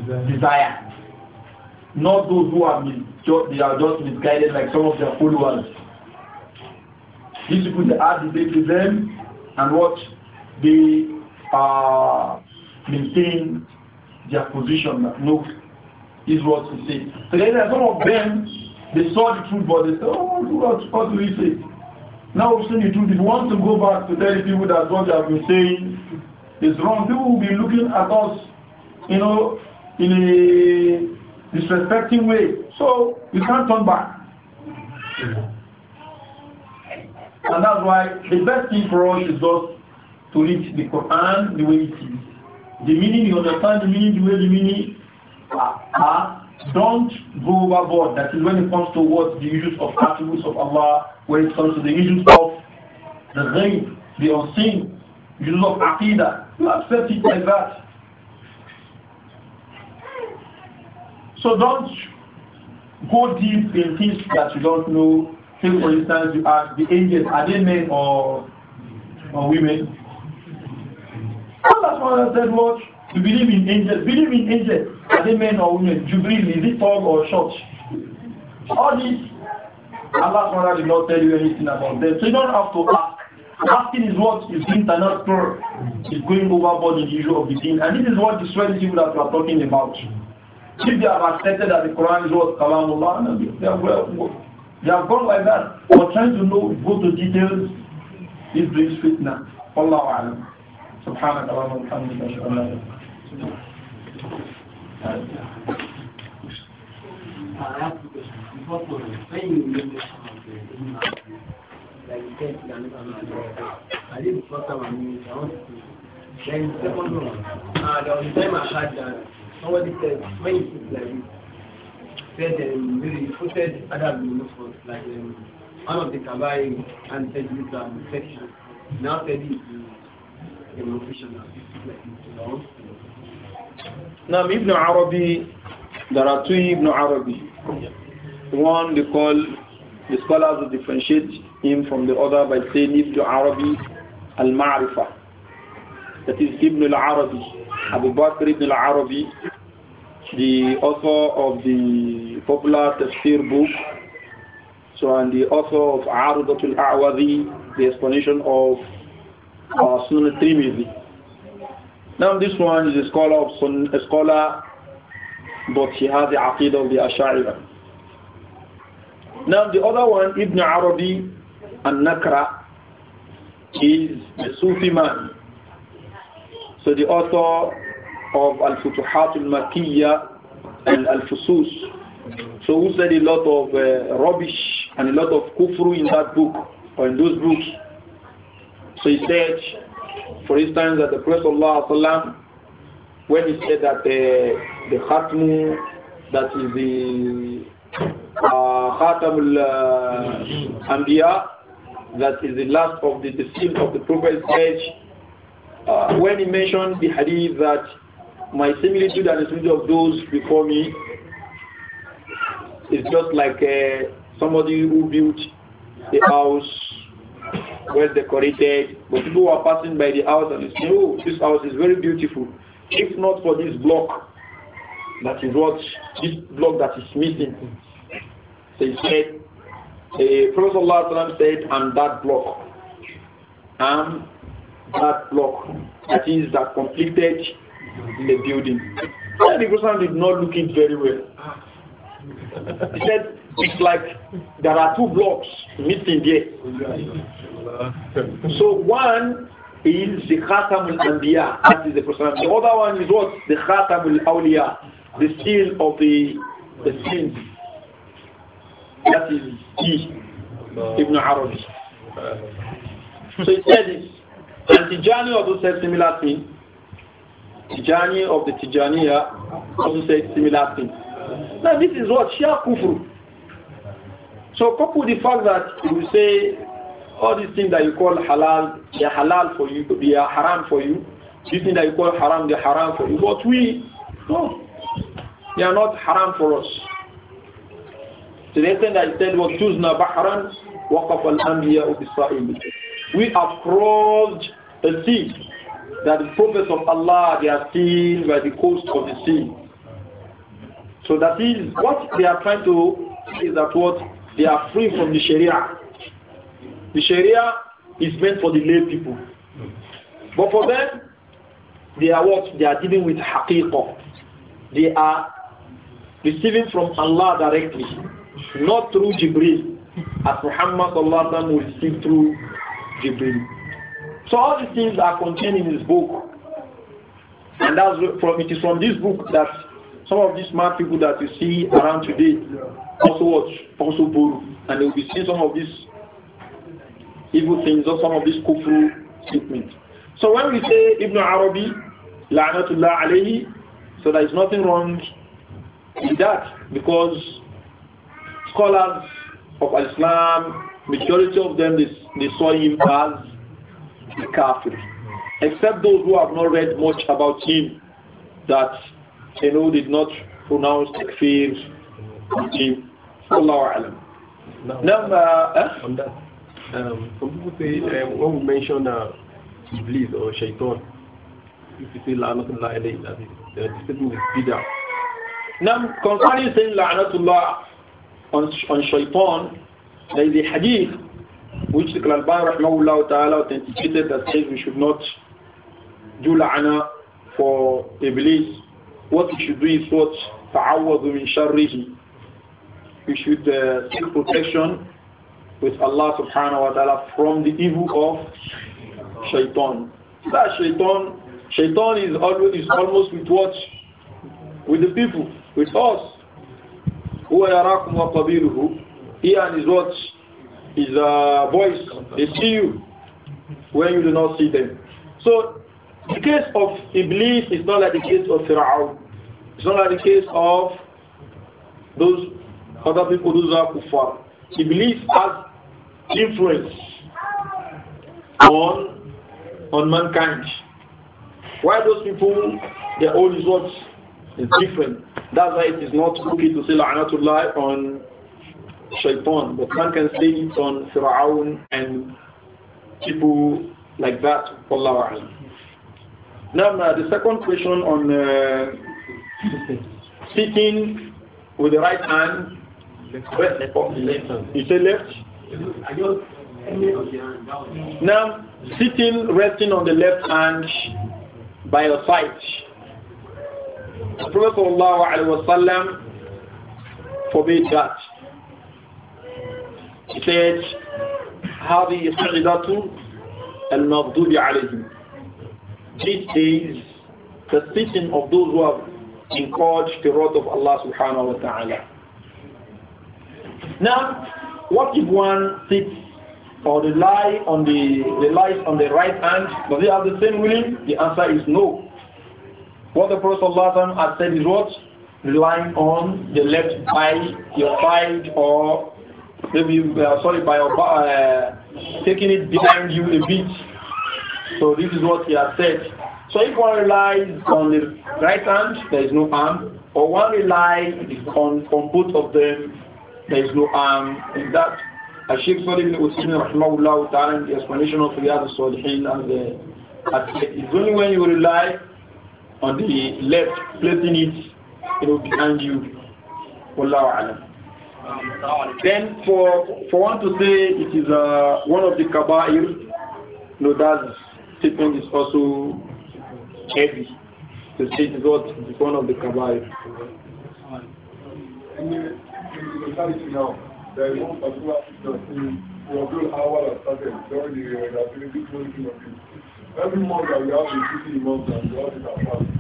Speaker 1: desire. desire. Not those who are they are just misguided like some of their followers. These people they are debate with them and what they uh, maintain their position that no is what to say. So then some of them they saw the truth but they said, Oh what, what do we say? Now we've seen the truth. If you want to go back to tell the people that what they have been saying is wrong. People will be looking at us, you know, in a disrespecting way. So we can't turn back. And that's why the best thing for us is just to read the Quran the way it is. The meaning, you understand the meaning, the way the meaning are. Uh, uh, don't go overboard. That is when it comes to what the issues of attributes of Allah, when it comes to the issues of the ghaib, the
Speaker 2: unseen,
Speaker 1: you love Aqidah. You accept it like that. So don't go deep in things that you don't know. Take for instance, you ask the angels, are they men or, or women? Allah said, what? You believe in angels. Believe in angels. Are they men or women? believe is it tall or short? All these, Allah did not tell you anything about them. So you don't have to ask. Asking is what is international is going overboard in the issue of the deen. And this is what the Swedish people that we are talking about. If they have accepted that the Quran is what Kalamullah, they have, well, they have gone like that. But trying to know, go to details, it brings fitna. Allah alam. سبحانك اللهم وبحمدك اشهد ان لا
Speaker 2: اله الا انت like you said, you can I did the first time I knew I wanted to. Then the second one, Ah, there was a time I had that
Speaker 1: somebody said, when you put like this, said, um, really, you quoted Adam Yunus, like, um, one of the Kabbalah and said, this um, section. Now said, this is a professional. Like, you know? Now, Ibn Arabi, there are two Ibn Arabi. One they call the scholars will differentiate him from the other by saying Ibn Arabi al-Ma'rifa. That is Ibn al-Arabi, Abu Bakr ibn al-Arabi, the author of the popular tafsir book, so and the author of al-Awadi, the explanation of uh, Sunan Trimidi. Now this one is a scholar of Sun, a scholar, but he has the aqidah of the Ash'ari. Now the other one, Ibn Arabi al-Nakra, is a Sufi man. So the author of Al-Futuhat al-Makkiyah and Al-Fusus. So who said a lot of uh, rubbish and a lot of kufru in that book or in those books. So he said, for instance, that the Prophet ﷺ, when he said that uh, the khatmu, that is the uh, Khatam al-Anbiya, that is the last of the deceased of the Prophet's age, uh, when he mentioned the hadith that my similitude and the similitude of those before me is just like uh, somebody who built a house well decorated, but people were passing by the house and they say, oh, this house is very beautiful. If not for this block, that is what this block that is missing. They said, the Prophet ﷺ said, I'm that block. I'm that block. That is, that completed the building. And the Prophet did not look it very well. He said, it's like there are two blocks meeting there. So one is the Khatam al-Anbiya, that is the Prophet. The other one is what? The Khatam al-Awliya, the seal of the, the sins.'" That is D, Ibn Arabi. So he said this. And Tijani also said similar thing. Tijani of the Tijaniya also said similar thing. Now this is what Shia Kufru. So couple the fact that you say all these things that you call halal, they are halal for you, they are haram for you. These things that you call haram, they are haram for you. But we, no, they are not haram for us. To the extent that he said, وَكْتُزْنَا بَحْرًا وَقَفَ الْأَنْبِيَاءُ بِالصَّائِمِ We have crossed a sea that the prophets of Allah, they are seen by the coast of the sea. So that is what they are trying to is that what they are free from the Sharia. The Sharia is meant for the lay people. But for them, they are what? They are dealing with haqiqah. They are receiving from Allah directly not through Jibril, as Muhammad sallallahu will see through Jibril. So all these things are contained in his book. And that's from it is from this book that some of these smart people that you see around today also watch, also borrow. And they will be seeing some of these evil things or some of these kufru statements. So when we say Ibn Arabi, La'anatullah alayhi, so there is nothing wrong with that because scholars of Islam, majority of them, they, they saw him as a kafir. Except those who have not read much about him, that you know did not pronounce the fear of him. Allahu alam. Now, uh, on that, um, some people say uh, when we mention uh, Iblis or Shaitan, if you say La'anatullah alayhi, that is, the statement that's bid'ah. Now, concerning saying La'anatullah on, on shaitan, there is a hadith which the al ta'ala authenticated that says we should not do la'ana for Iblis. What we should do is what? Ta'awadu min sharrihi. We should uh, seek protection with Allah subhanahu wa ta'ala from the evil of shaitan. That shaitan, shaitan is, always, is almost with what? With the people, with us. هو يراكم وقبيله he and his watch his voice uh, they see you when you do not see them so the case of Iblis is not like the case of Fir'aun it's not like the case of those other people those are kuffar Iblis has influence on on mankind why those people their own is is different. That's why it is not okay to say La'anatullah on Shaitan, but one can say it on Fir'aun and people like that. Allah Now, uh, the second question on uh, speaking with the right hand. You say left? Now, sitting, resting on the left hand by your side the Prophet ﷺ forbade that. He said, هذه al المغضوب عليهم. This is the sitting of those who have encouraged the wrath of Allah subhanahu wa ta'ala. Now, what if one sits or relies on the on the right hand? Does he have the same willing? The answer is no. What the Prophet ﷺ has said is what? Relying on the left thigh, your thigh, or maybe, uh, sorry, by your, uh, taking it behind you a bit. So this is what he has said. So if one relies on the right hand, there is no harm. Or one relies on, on both of them, there is no harm in that. As Sheikh Salih ibn Usaymin rahimahullah ta'ala in the explanation of the al-Salihin and the, it's only when you rely on the left, placing it you know, behind you. Wallahu Then for for one to say it is uh, one of the kabair, no, that statement is also heavy. To say it is not one of the kabair. Now, Every month that we have been teaching the month and we all take our fast.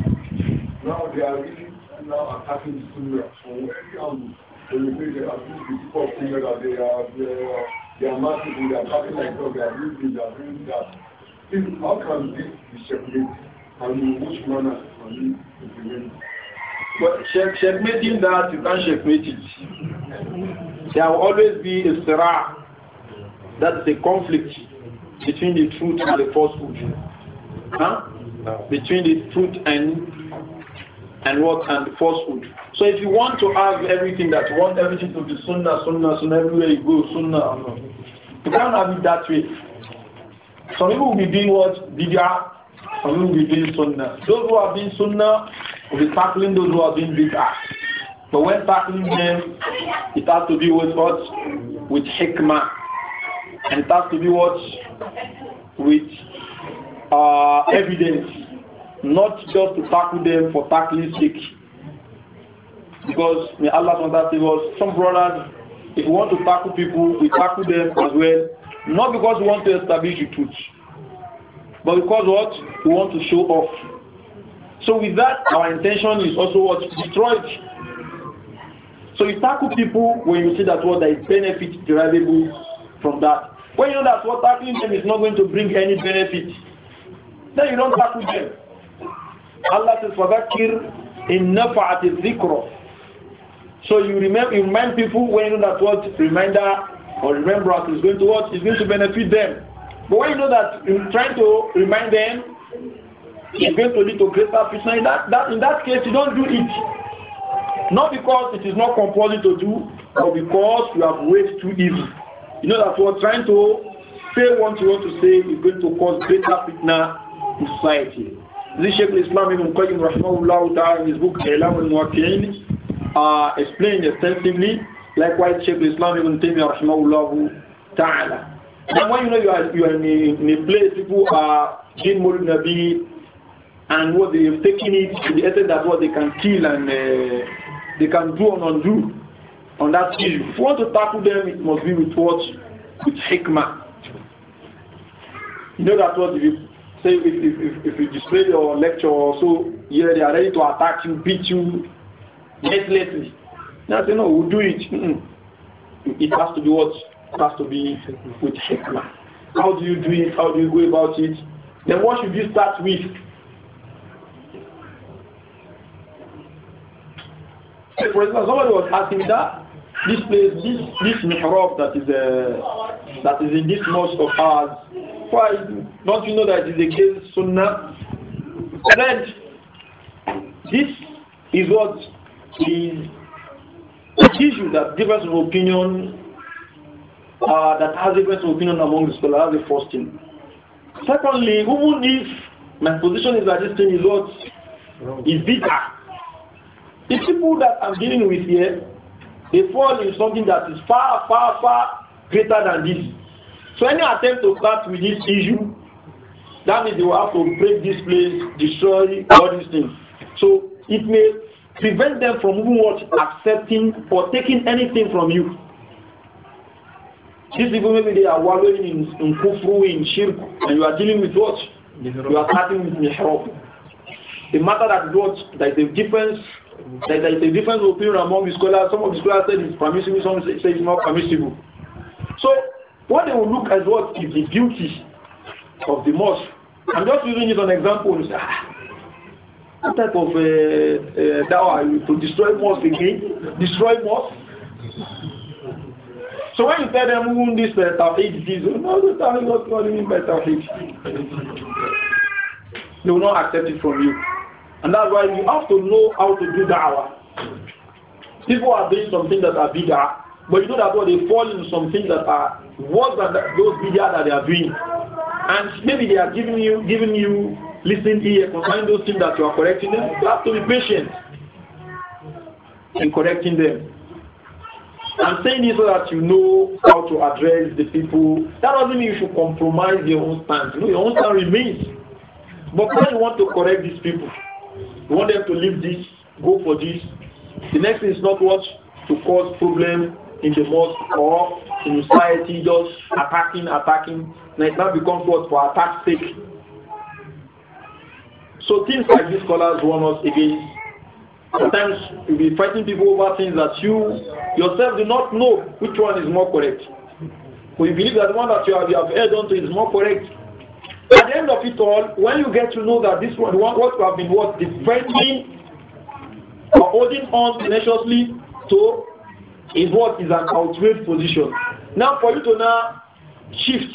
Speaker 1: Now they are really now attacking the sunnah from every angle. They will say they are doing the people sunnah that they are they are massive, they are attacking like God, they are using. they are doing that. Please, how can this be separated? And in which manner can we implement it? But checkmating that, you can't checkmate
Speaker 2: it.
Speaker 1: There will always be a sera. That's a conflict between the truth and the falsehood? Huh? Between the truth and and what and the falsehood. So if you want to have everything that you want everything to be sunnah, sunnah, sunnah, everywhere you go, sunnah, you can't have it that way. Some people will be doing what? Bid'ah. Some people will be doing sunnah. Those who are doing sunnah will be tackling those who are doing bid'ah. But when tackling them, it has to be with what? With hikmah. And it has to be what? With uh, evidence, not just to tackle them for tackling sake. Because may Allah that save was Some brothers, if we want to tackle people, we tackle them as well. Not because we want to establish the truth, but because what? We want to show off. So with that, our intention is also what? Destroy it. So you tackle people when you see that what there is benefit derivable from that. When you know that what tackling them is not going to bring any benefit, then you don't tackle them. Allah says, فَذَكِّرْ in نَفَعَتِ الذِّكْرَ So you remember, you remind people when you know that what reminder or remembrance is going to what is going to benefit them. But when you know that you're trying to remind them it's going to lead to greater fitna, in that, that, in that case you don't do it. Not because it is not compulsory to do, but because you have weighed too easy. You know that we're trying to say what you want to say is going to cause greater fitna in society. This Sheikh Islam Ibn Qayyim Rahmahullah Ta'ala in his book Ilam al-Muwaqi'in uh, explained extensively. Likewise Sheikh Islam Ibn Taymiyyah Rahmahullah Ta'ala. And when you know you are, you are in, a, in a place people are Jin Mulk Nabi and what they have taken it to the extent that what they can kill and uh, they can do and undo on that issue. If you want to tackle them, it must be with what? With hikmah. You know that what if you say if, if, if, if you display your lecture or so, yeah, they are ready to attack you, beat you mercilessly. Now say no, we'll do it. Mm -mm. It has to be what? It has to be with hikmah. How do you do it? How do you go about it? Then what should you start with? Say, for example, somebody was asking me that this place, this this mihrab that is a, uh, that is in this mosque of ours. Why don't you know that it is against sunnah? And this is what is the issue that gives an opinion uh, that has a great opinion among the scholars. The first thing. Secondly, even if my position is that this thing is what is bitter, the people that I'm dealing with here they fall in something that is far, far, far greater than this. So any attempt to start with this issue, that means they will have to break this place, destroy all these things. So it may prevent them from even what, accepting or taking anything from you. These people maybe they are wallowing in, in kufru, in shirk, and you are dealing with what? You are starting with mihrab. The matter that what, there is a difference there, there is a difference of opinion among the scholars. Some of the scholars say it's permissible, some say it's not permissible. So what they will look at what is the beauty of the mosque. I'm just using it as an example. Ah, what type of uh, uh, to destroy mosque again? Destroy mosque? So when you tell them who this uh, tawhid is, no, the tawhid, what do you mean by tawhid? They will not accept it from you. And that's why you have to know how to do da'wah. People are doing something that are bigger, but you know that what they fall into something that are worse than those bigger that they are doing.
Speaker 2: And
Speaker 1: maybe they are giving you giving you listening ear concerning those things that you are correcting them. You have to be patient in correcting them. I'm saying this so that you know how to address the people. That doesn't mean you should compromise your own stance. You know, your own stance remains. But when you want to correct these people, you want them to leave this, go for this. The next is not what to cause problem in the mosque or in society, just attacking, attacking. Now it now becomes what for attack sake. So things like these colors warn us against. Sometimes you'll be fighting people over things that you yourself do not know which one is more correct. But you believe that the one that you have, you have heard onto is more correct. At the end of it all, when you get to know that this one, what, you have been what defending or holding on tenaciously to is what is an outraged position. Now for you to now shift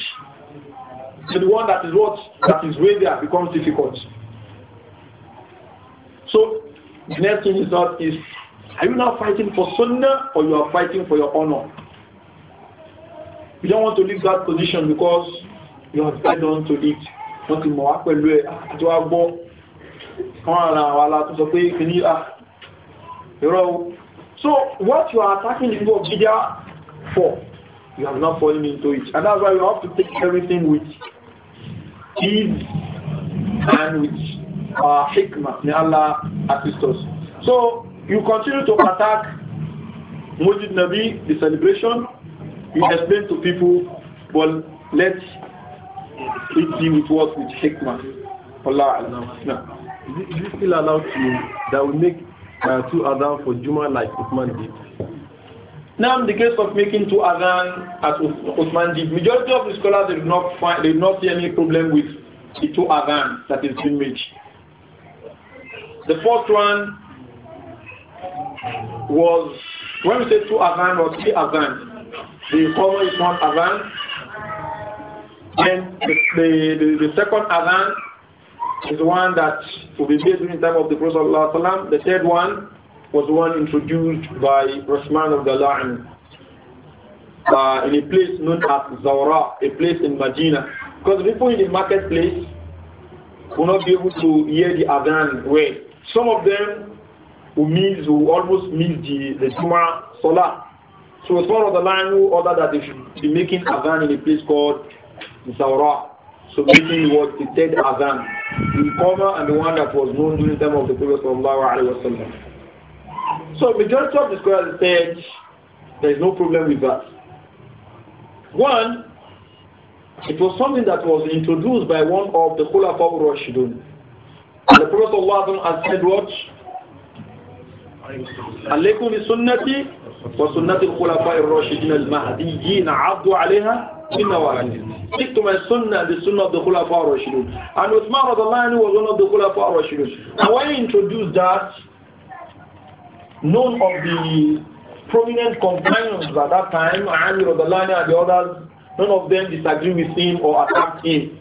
Speaker 1: to the one that is what that is way there becomes difficult. So the next thing is that is: is are you now fighting for sunnah or you are fighting for your honor? You don't want to leave that position because wọ́n ti mọ̀ wá pẹ̀lú ẹ̀ ah, wọ́n ara àwọn sọ à ìrọ̀ ah, o so what you are attacking the of Judea for you have not fallen into it and that's why you have to take everything with ease and with uh, hikmah Allah assist us so you continue to attack Mojid Nabi the celebration you explain to people but let's treat him with what? With hikmah. Allah. No. Is it still allowed to, that we make uh, two adhan for Juma like Uthman did? Now, in the case of making two adhan as Uthman did, majority of the scholars they do not find, they not see any problem with the two adhan that is being made. The first one was when we say two adhan or three adhan, the former is one adhan, then the, the, the second adhan is one that will be made during the time of the Prophet ﷺ. The third one was one introduced by Rasman of the uh, in a place known as Zawra, a place in Medina. Because people in the marketplace will not be able to hear the Adhan well. Some of them who miss, who almost miss the, the Juma Salah. So it's one of the line who ordered that they should be making Adhan in a place called Zawra. So meaning was the third Azan, the former and the one that was known during the time of the Prophet So majority of the scholars said there is no problem with that. One, it was something that was introduced by one of the Khulafa Rashidun. And the Prophet has said what? عليكم بسنتي وسنة الخلفاء الراشدين المهديين عضوا عليها in our hadith. Stick to my sunnah, the sunnah of the Khulafa Rashidun. And Uthman Radhalani was one of the Khulafa Rashidun. And when he introduced that, none of the prominent companions at that time, Ali Radhalani and the others, none of them disagreed with him or attacked him.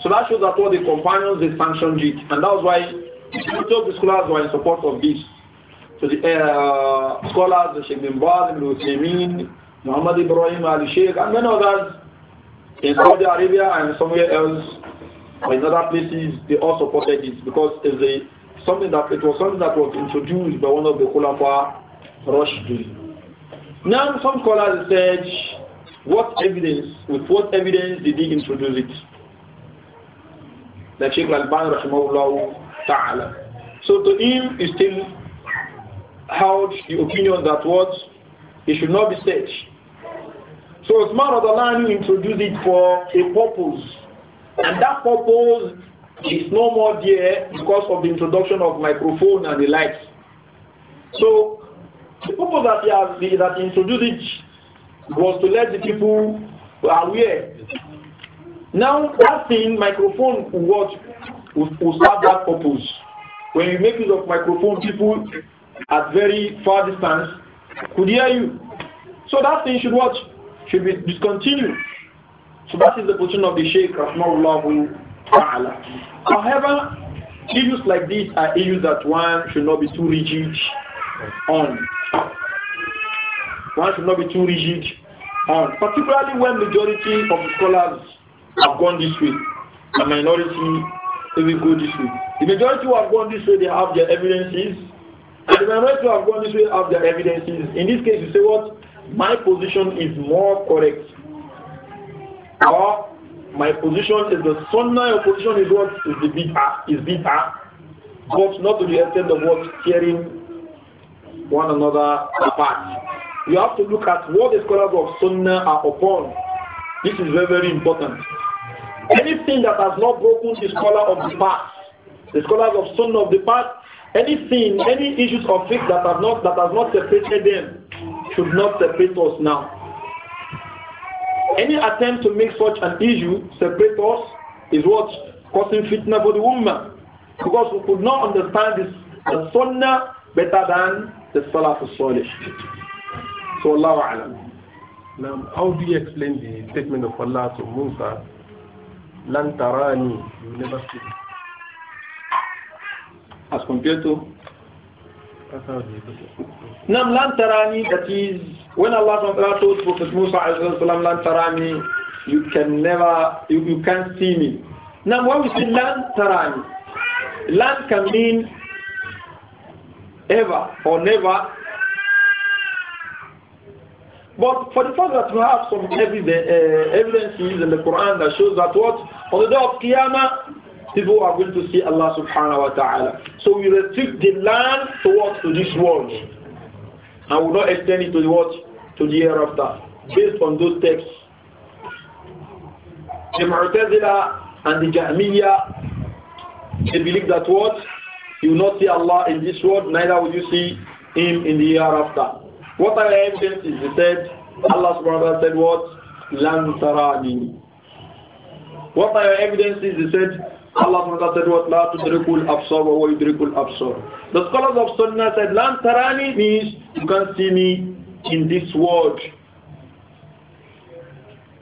Speaker 1: So that shows that all the companions, they sanctioned it. And that was why most of the scholars were in support of this. So the uh, scholars, the Sheikh the Baz, Ibn Muhammad Ibrahim Ali Sheikh, and many others in Saudi Arabia and somewhere else or in other places, they all supported it because it's a, something that it was something that was introduced by one of the Khulafa Rashidun. Now, some scholars said, what evidence, with what evidence did he introduce it? The Sheikh Al-Ban Rahimahullah Ta'ala. So to him, he still held the opinion that what? It should not be said so Uthman Radalani introduced it for a purpose. And that purpose is no more there because of the introduction of microphone and the lights. So the purpose that he, has, that he introduced it was to let the people aware. Now that thing, microphone, what will serve that purpose. When you make use of microphone, people at very far distance could hear you. So that thing should watch should be discontinued. So that is the position of the Sheikh. of Rahmahullah Ta'ala. However, issues like these are issues that one should not be too rigid on. One should not be too rigid on, particularly when majority of the scholars have gone this way, the minority will go this way. The majority who have gone this way, they have their evidences, and the minority who have gone this way have their evidences. In this case, you say what? my position is more correct. Or my position is the sunnah, your position is what is the bid'ah, is bid'ah, but not to the extent of what tearing one another apart. You have to look at what the scholars of sunnah are upon. This is very, very important. Anything that has not broken the scholar of the past, the scholars of sunnah of the past, anything, any issues of faith that have not that has not separated them should not separate us now. Any attempt to make such an issue separate us is what causing fitna for the ummah. Because we could not understand this the sunnah better than the for salih. So Allah alam. Now, how do you explain the statement of Allah to Musa? Lantarani, you never see. As compared to Nam tarani. that is, when Allah told Prophet Musa, tarani. you can never, you, you can't see me. Now when we say Lantarani, Lan can mean ever or never. But for the fact that we have some evidence, uh, evidences in the Quran that shows that what? On the day of Qiyamah, people are going to see Allah subhanahu wa ta'ala. So we restrict the land to what? To this world. And will not extend it to the what? To the year after. Based on those texts. The Mu'tazila and the Jahmiyyah, they believe that what? You will not see Allah in this world, neither will you see Him in the year after. What are the evidences? They said, Allah subhanahu wa ta'ala said what? Lan tarani. What are your evidences? He said, Allah SWT said what? La tudrikul absar wa yudrikul absar. The scholars of Sunnah said, Lan tarani means you can see me in this world.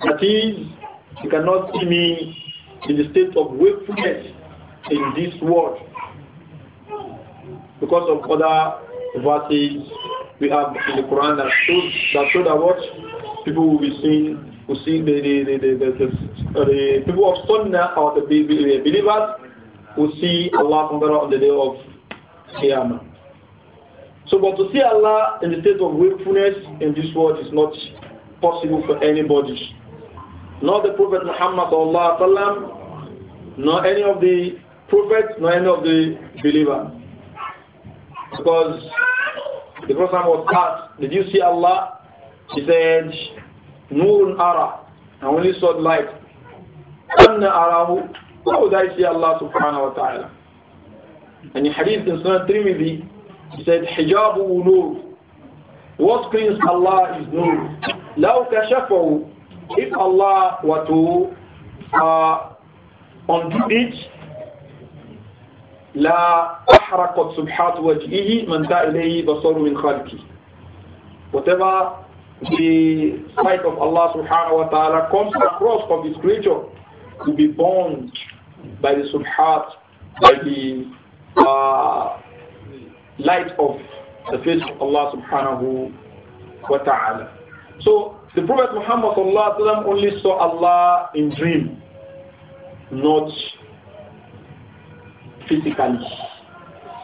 Speaker 1: That is, you cannot see me in the state of wakefulness in this world. Because of other verses we have in the Quran that show that, show that what people will be seeing we see the, the, the, uh, the, people of Sunnah or the believers will see Allah on the day of Qiyamah. So, but to see Allah in the state of wakefulness in this world is not possible for anybody. Not the Prophet Muhammad sallam, nor any of the prophets, nor any of the believers. Because the Prophet was asked, did you see Allah? He said, Noon Ara. I only saw light. Anna Arahu. How would I see Allah subhanahu wa ta'ala? And in Hadith in Sunnah Trimidi, he said, Hijabu Noor. What screens Allah is Noor. Law kashafahu. If Allah were to uh, undo it, لا أحرقت سبحات وجهه من تا إليه بصر من خلقه whatever the sight of Allah subhanahu wa ta'ala comes across from this creature to be bound by the subhat, by the uh, light of the face of Allah subhanahu wa ta'ala. So the Prophet Muhammad sallallahu only saw Allah in dream, not physically.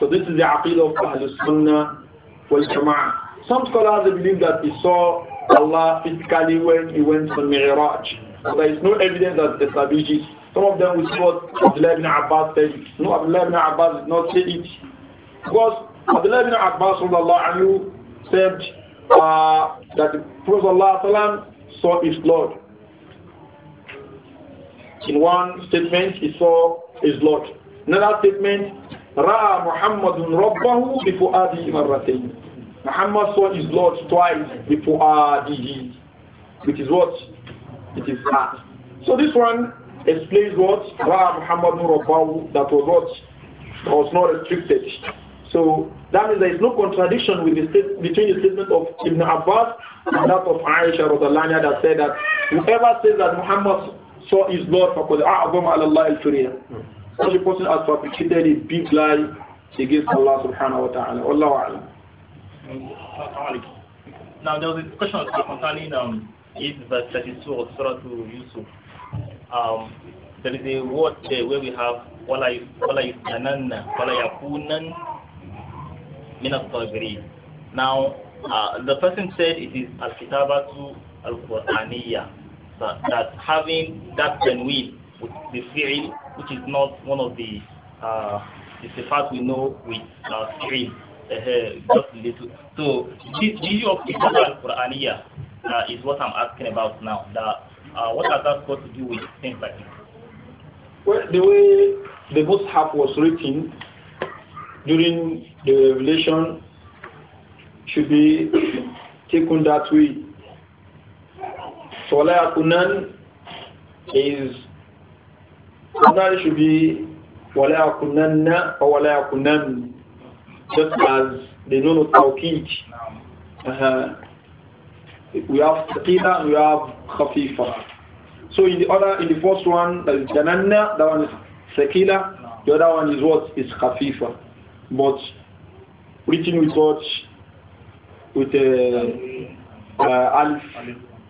Speaker 1: So this is the aqidah of Ahlul Sunnah wal Jama'ah. Some scholars believe that he saw Allah physically when he went on Mi'raj. So there is no evidence that establishes. Some of them will say what Abdullah ibn Abbas said. No, Abdullah ibn Abbas did not say it. Because Abdullah ibn Abbas anhu, said uh, that the Prophet saw his Lord. In one statement, he saw his Lord. Another statement, Ra Muhammadun Rabbahu before Adi Marratayn. Muhammad saw his Lord twice before Adihi, uh, which is what? It is that. So this one explains what? Ra Muhammad Murabahu, that was what? Was not restricted. So that means there is no contradiction with the state, between the statement of Ibn Abbas and that of Aisha Radalanya that said that whoever says that Muhammad saw his Lord for Allah al-Firian, such a person has perpetrated a big lie against Allah subhanahu wa ta'ala. Allahu now, there was a question concerning um, Eid verse 32 of Surah to Yusuf. Um, there is a word there where we have wala yustananna, wala yakunan minastabiri. Now, uh, the person said it is al-kitabatu al-Qur'aniyya, that, that having that tanween with the fi'il, which is not one of the uh, the sifat we know with uh, fi'il. Uh, just little. So this issue of Ibadah al-Qur'aniyya uh, is what I'm asking about now. That, uh, what has that got to do with things like this? Well, the way the half was written during the revelation should be taken that way. So Allah Kunan is ordinarily should be Wala Kunanna or Wala Kunan just as they know not Tawqid. Uh, uh-huh. we have Taqida and we have Khafifa. So in the other, in the first one, that is Jananna, that one is Sakila, the other one is what? Is Khafifa. But written with what? With a uh, uh, Alif.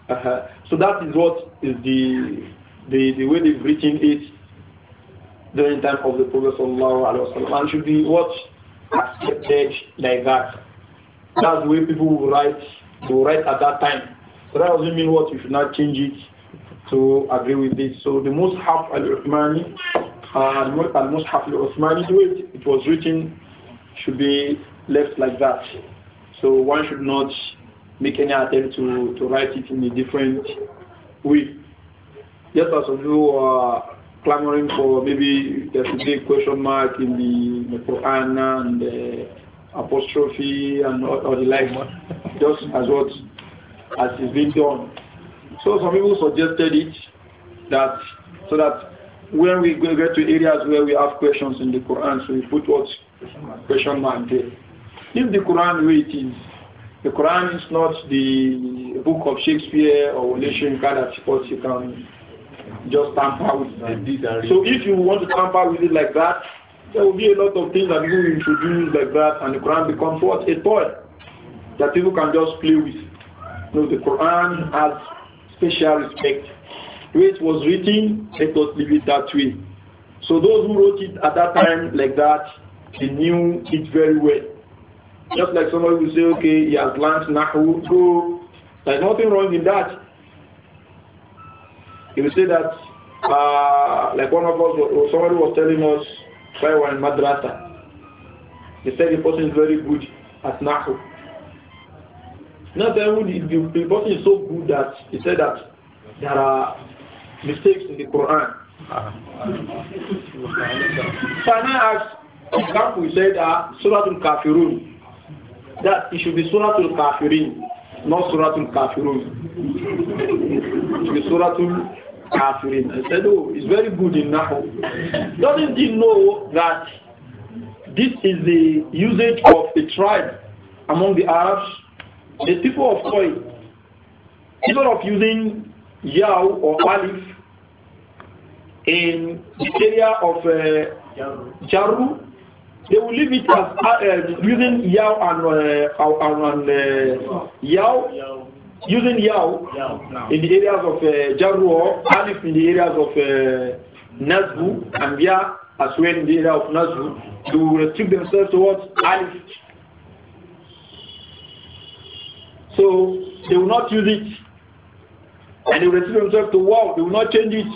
Speaker 1: Uh -huh. So that is what is the, the, the way they've written it during the time of the Prophet Sallallahu Alaihi Wasallam and should be watched accepted like that. That's the way people will write, To will write at that time. So that doesn't mean what, you should not change it to agree with this. So the Mus'haf al-Uthmani, uh, al most al-Uthmani, the way it was written should be left like that. So one should not make any attempt to, to write it in a different way. Yes, as of you, uh, clamoring for maybe there's a big question mark in the, the Quran and the apostrophe and all, all the like, just as what as is being done. So some people suggested it that so that when we go get to areas where we have questions in the Quran, so we put what question mark there. If the Quran way it is, the Quran is not the book of Shakespeare or Nation Card that you can just tamper with it. So if you want to tamper with it like that, there will be a lot of things that people introduce like that, and the Quran becomes what? A toy that people can just play with. You know, the Quran has special respect. The it was written, let us leave it that way. So those who wrote it at that time like that, they knew it very well. Just like somebody will say, okay, he has learned Nahu, so There's nothing wrong in that. If you say that, uh, like one of us, somebody was telling us, try one madrasa. He said the person is very good at Nahu. Not everyone, the, the person is so good that he said that there are mistakes in the Quran. so ah. I asked, for example, we said uh, Suratul Kafirun, that it should be Suratul Kafirin, not Suratul Kafirun. it should be Suratul kafirin. I said, oh, he's very good in Nahu. Doesn't he know that this is the usage of a tribe among the Arabs, the people of Koi? Instead of using Yao or Alif in the area of uh, Jaru, they will leave it as uh, uh using Yao and, uh, and uh, Yao using Yao in the areas of uh, Jaru Alif in the areas of uh, Nazbu, and Ya as well in the area of Nazbu, to restrict themselves towards Alif. So they will not use it. And they will restrict themselves to Wow, they will not change it.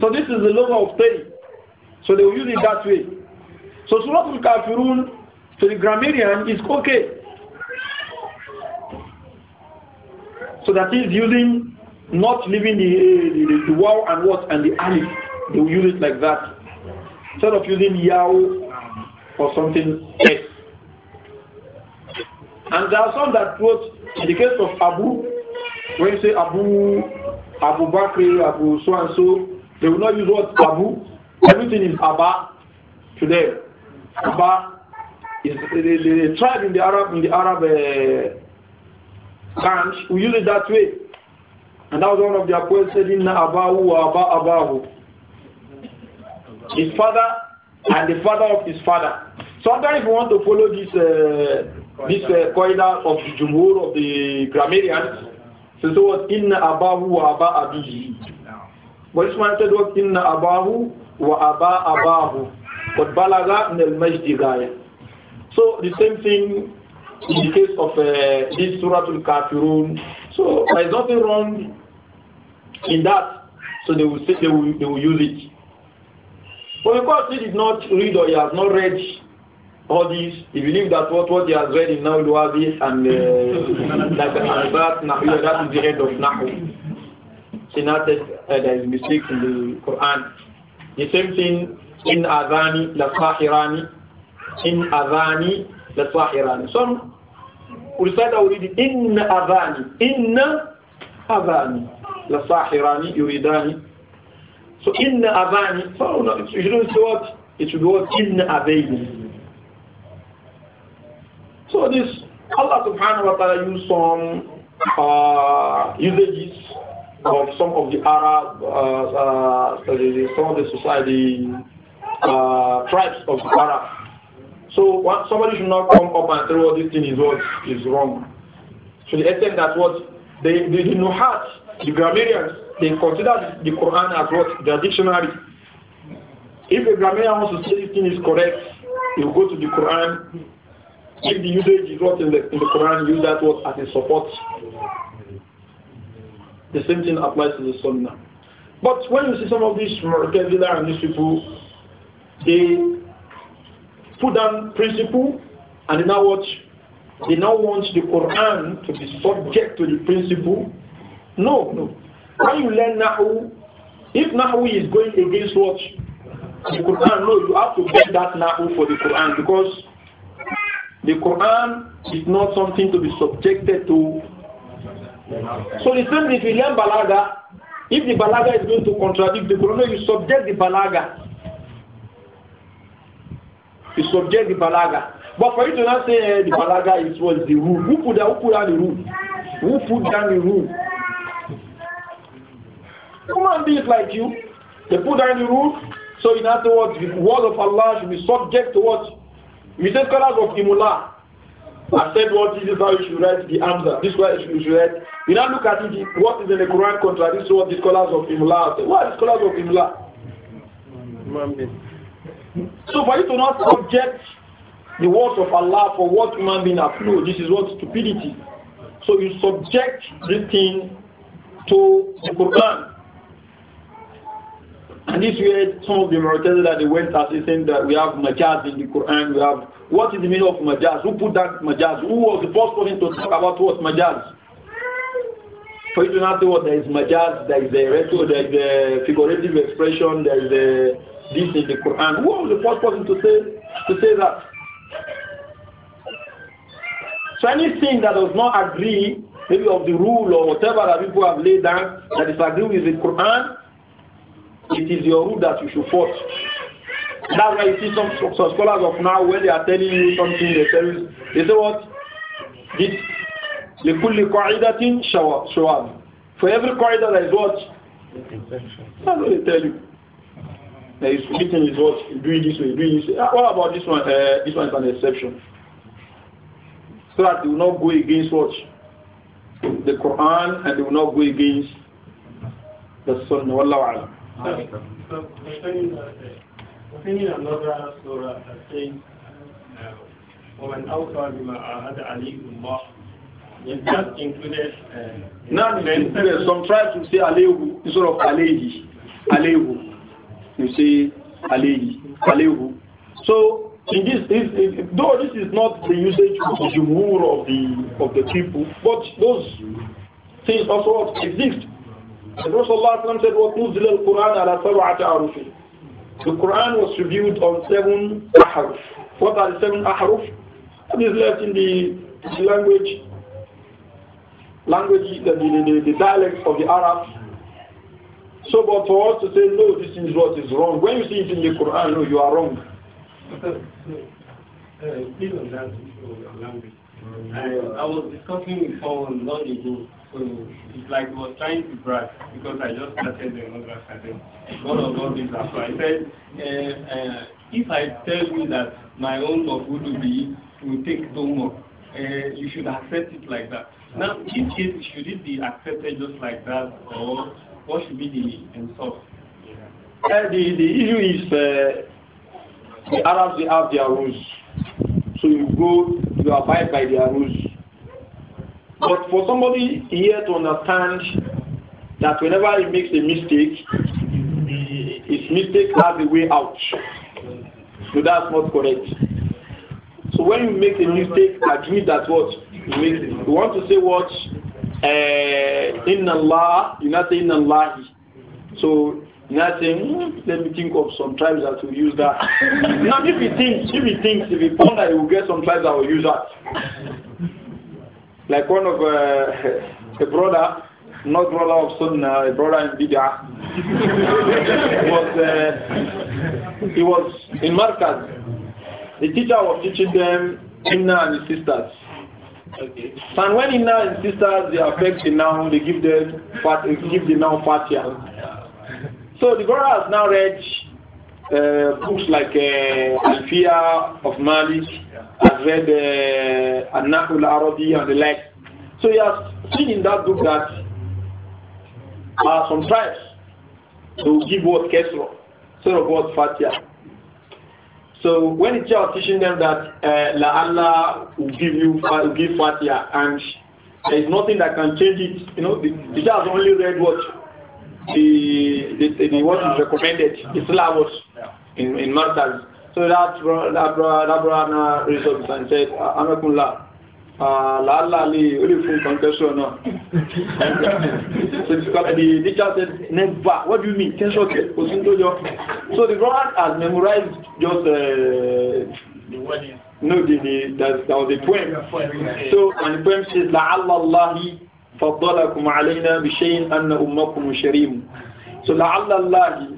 Speaker 1: so this is the law of Tari. So they will use it that way. So Surah Al-Kafirun to the grammarian is okay. So that is using, not leaving the, the, the, the wow and what and the alif. They will use it like that. Instead of using yao or something else. And there are some that quote, in the case of Abu, when you say Abu, Abu Bakr, Abu so and so, they will not use what Abu. Everything is Aba to them. is the, the, the tribe in the Arab in the Arab uh, we use it that way. And that was one of their poets said, Inna abahu wa aba abahu. His father and the father of his father. Sometimes if you want to follow this uh, this uh, of the jumhur of the grammarians, so it was inna abahu wa aba abihi. But this man said what inna abahu wa aba abahu. But balaga min al So the same thing in the case of uh, this Surah al Kafirun. So there is nothing wrong in that. So they will say they will, they will use it. But because he did not read or he has not read all these, he believes that what, what he has read in now Luwazis and uh, and that, Nahu, that is the end of Nahu. So now uh, there is mistake in the Quran. The same thing in azani La Sahirani, in azani na sahirani so ulisaida uridi inna adhani inna adhani la sahirani yuridani so inna adhani so You do not see what it should be what inna adhani so this Allah subhanahu wa ta'ala use some uh, usages of some of the Arab uh, uh some of the society uh, tribes of the Arab so what, somebody should not come up and say, well, this thing is what is wrong. So the extent that what they, they did not have, the grammarians, they consider the Quran as what? Their dictionary. If a grammarian wants to say this thing is correct, he will go to the Quran. If the usage is what in the, in the Quran, use that word as a support. The same thing applies to the Sunnah. But when you see some of these Mu'tazila and these people, they put down principle and they now watch they now want the Quran to be subject to the principle. No, no. When you learn Nahu, if Nahu is going against what the Quran, no, you have to get that Nahu for the Quran because the Quran is not something to be subjected to. So the same if you learn Balaga, if the Balaga is going to contradict the Quran, no, you subject the Balaga is subject the balaga. But for you to not say uh, the balaga is was the rule. Who put, that, who put down the rule?
Speaker 2: Who put down the rule?
Speaker 1: Human beings like you, they put down the rule. So in other words, the word of Allah should be subject to what? We say scholars of Imola I said what this is how you should write the answer. This is how you should write. We now look at it, what is in the Quran contradicts what the scholars of Imola say. What are the scholars of Imola? So for you to not subject the words of Allah for what human being approved, this is what stupidity. So you subject this thing to the Quran. And this way some of the that they went as saying that we have majaz in the Quran, we have what is the meaning of majaz? Who put that majaz? Who was the first person to talk about what majaz? For you to not say what there is majaz, there is a retro, there is a figurative expression, there is a this in the Quran. Who was the first person to say to say that? So anything that does not agree, maybe of the rule or whatever that people have laid down that is agree with the Quran, it is your rule that you should fight. That's why you see some, some scholars of now when they are telling you something, they tell you, they say what? This لكل قاعدة شواذ. For every قاعدة there is what? That's what they tell you. There is written is what doing this way, doing this. Way. Ah, what about this one? Uh, this one is an exception. So that they will not go against what the Quran and they will not go against the Sunnah. Wallahu alam.
Speaker 2: So concerning uh, concerning another surah that says, uh, "Woman outside
Speaker 1: bima ahad alaykum Allah." Is that included? Uh, now, some tribes will say Alehu instead of Alehi. Alehu you say alayhi, alayhu. So in this, if, if, though this is not the usage of the rule of the of the people, but those things also exist. The Prophet said, "What nuzil al Quran ala sab'ati The Quran was reviewed on seven ahruf. What are the seven ahruf? What is left in the language, language, the, the, the, the dialects of the Arabs so, but for us to say, no, this is what is wrong, when you see it in the Quran, no, you are wrong. that language. I was discussing with someone long ago, so it's like I was trying to brag because I just started the another sentence. of all this so I said, uh, uh, if I tell you that my own of be, will take no more, uh, you should accept it like that. Now, in case, should it be accepted just like that or what should be the answer? Uh, the, the issue is uh, the Arabs they have their rules. So you go, you abide by their rules. But for somebody here to understand that whenever he makes a mistake, his mistake has a way out. So that's not correct. So when you make a mistake, agree that what you make. You want to say what uh, inna Allah, you not say inna Allahi. So nothing. Hmm, let me think of some tribes that will use that. now, if he thinks, if he thinks, if he ponder, he will get some tribes that will use that. Like one of uh, a brother, not brother of Sunnah, a brother in Bid'ah,
Speaker 2: was
Speaker 1: uh, he was in Markaz. The teacher was teaching them Inna and his sisters. Okay. And when he now insists they affect the noun, they give them part, give the noun partial. So the girl has now read uh, books like uh, Alfia of Malik, has read uh, Anakul Arabi and the like. So he has seen in that book that uh, some tribes to give what Kesra, sort of what Fatia. So when the teacher teaching them that uh, La Allah will give you will give Fatiha and there is nothing that can change it, you know, the teacher has only read what the, the, the what is recommended, the syllabus in in matters. So that's that that that, that, that results and said, Amakunla. Ah, làálàálẹ̀ ó lè fún confession náà so the teacher said never what do you mean tension kẹ kò tó yọ so the prophet has memorized just uh, no the the that, that was the poem so and the poem says la'alla allahi faddalakum alayna bi shay'in anna ummakum sharim so la'alla allahi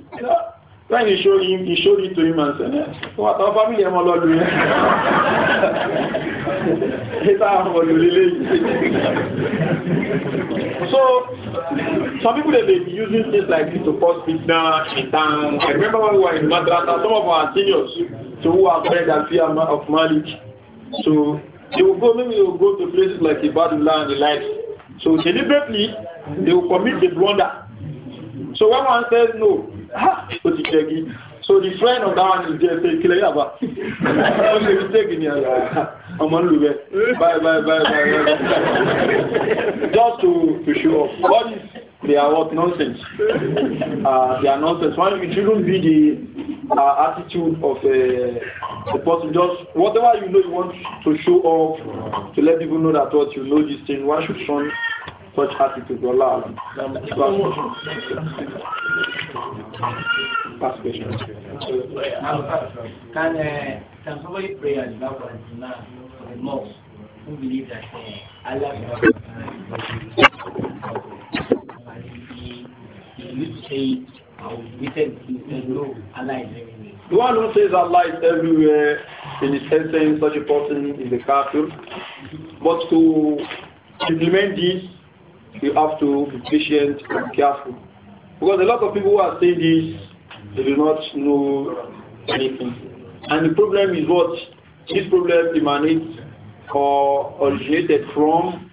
Speaker 1: lẹ́yìn ìṣòrí him. torí máa ń sẹ́nẹ́ wọ́n àtàwọn fámílì ẹmọ lọ́dún
Speaker 2: yẹn
Speaker 1: am àwọn olùlélé yìí so some people dey be using things like this to cause fitna in I remember when we were in madrasa some of our seniors to who are friends and fear of Malik so they will go maybe they will go to places like Ibadullah and the like so deliberately they will commit the blunder so when one says no ha ó ti jẹ gí so the friend of that one is there say kílẹ̀ yàrá ó ṣe fi tẹ́gì ní ara ọmọ ń lù bye bye bye bye bye just to to show off What is they are what nonsense uh, they are nonsense one it shouldn't be the uh, attitude of a, uh, person just whatever you know you want to show off to let people know that what you know this thing one should show such attitude, Allah. Last question. Can, uh, can somebody pray at the back for the mosque who believe that uh, Allah is say, the one who says Allah is everywhere in his sentence, such a person in the kafir. But to implement this you have to be patient and careful. Because a lot of people who are saying this, they do not know
Speaker 2: anything.
Speaker 1: And the problem is what? This problem emanates or originated from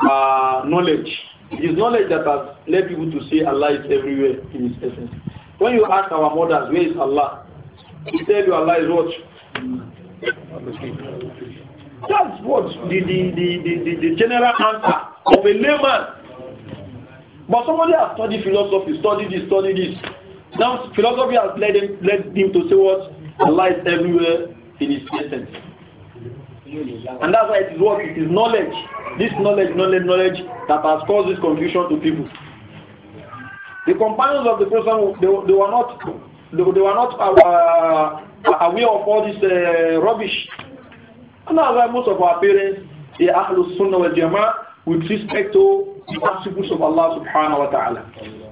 Speaker 1: uh, knowledge. It is knowledge that has led people to say Allah is everywhere in His essence. When you ask our mothers, where is Allah? They tell you Allah is what? That's what the, the, the, the, the general answer of a layman. But somebody has studied philosophy, studied this, studied this. Now philosophy has led him, led him to say what? Allah everywhere in his essence.
Speaker 2: And
Speaker 1: that's why it is what? It is knowledge. This knowledge, knowledge, knowledge that has caused this confusion to people. The companions of the person they, they were not, they, they were not uh, uh, uh, aware of all this uh, rubbish. And that's why most of our parents, the Ahlus Sunnah wal Jama'ah, with respect to the attributes of Allah subhanahu wa ta'ala.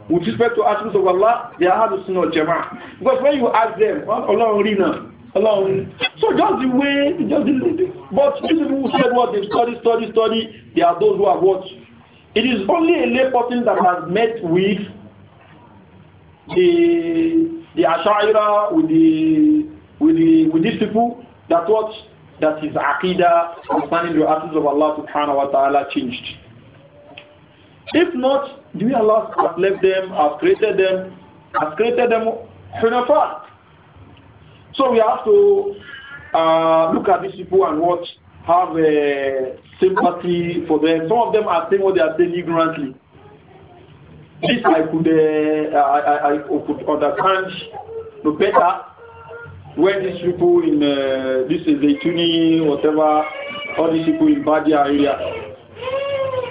Speaker 1: With respect to attributes of Allah, they are Ahlul of Jama'ah. Because when you ask them, Allah Allah Rina, Allah So just the way, just the, but these people who said what they study, study, study, they are those who are what? It is only a lay person that has met with the the Ashaira, with the with the with these people that watch that his aqidah concerning the attributes of Allah subhanahu wa ta'ala changed. If not, do we Allah has left them, has created them, has created them hunafa. So we have to uh, look at these people and watch, have uh, sympathy for them. Some of them are saying what they are saying ignorantly. This I could, uh, I, I, I could understand no better when these people in uh, this is the Tuni, whatever, all these people in Badia area,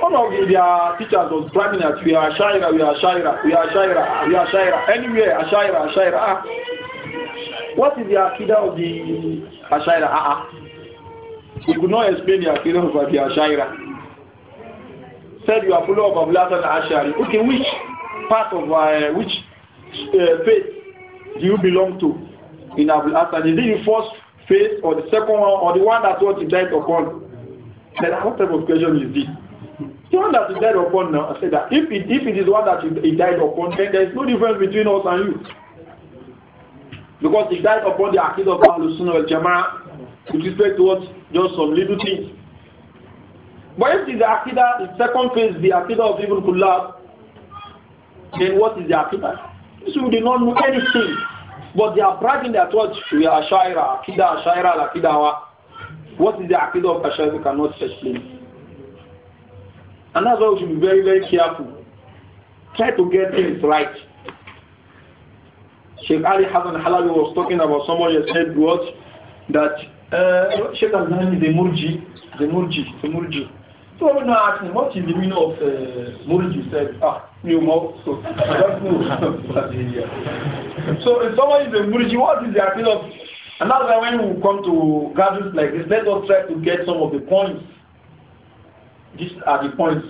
Speaker 1: all of their teachers was climbing at we are Shaira, we are Shaira, we are Shaira, we are Shaira, anywhere, Ashaira, Ashaira. Ah. What is the Akida of the Ashaira? Ah, ah. You could not explain the Akida of the Ashaira. Said you are full of Abulatan Ashari. Okay, which part of uh, which uh, faith do you belong to? in Abu Hassan? Is it the first phase or the second one or the one that what he died upon? Then what type of question is this? The one that he died upon now, I said that if it, if it is one that he died upon, then there is no difference between us and you. Because he died upon the Akid of Ahlul Sunnah al Jama'ah with respect to what? Just some little things. But if the Akidah, the second phase, the Akidah of Ibn Kullab, then what is the Akidah? So we do not know anything. But they are bragging that what we are Ashaira, Akida, Ashaira, Akidawa. What is the Akida of Ashaira? We cannot explain. And that's why we should be very, very careful. Try to get things right. Sheikh Ali Hassan Halabi was talking about someone who said what? That uh, Sheikh Al-Nani, the Murji, the Murji, the Murji. So now asking, what is the meaning of uh, Murid? You said, ah, new mouth. So that's no. so if someone is a Murid, what is the appeal of? And that's why when we come to gatherings like this, let us try to get some of the points. These are the points.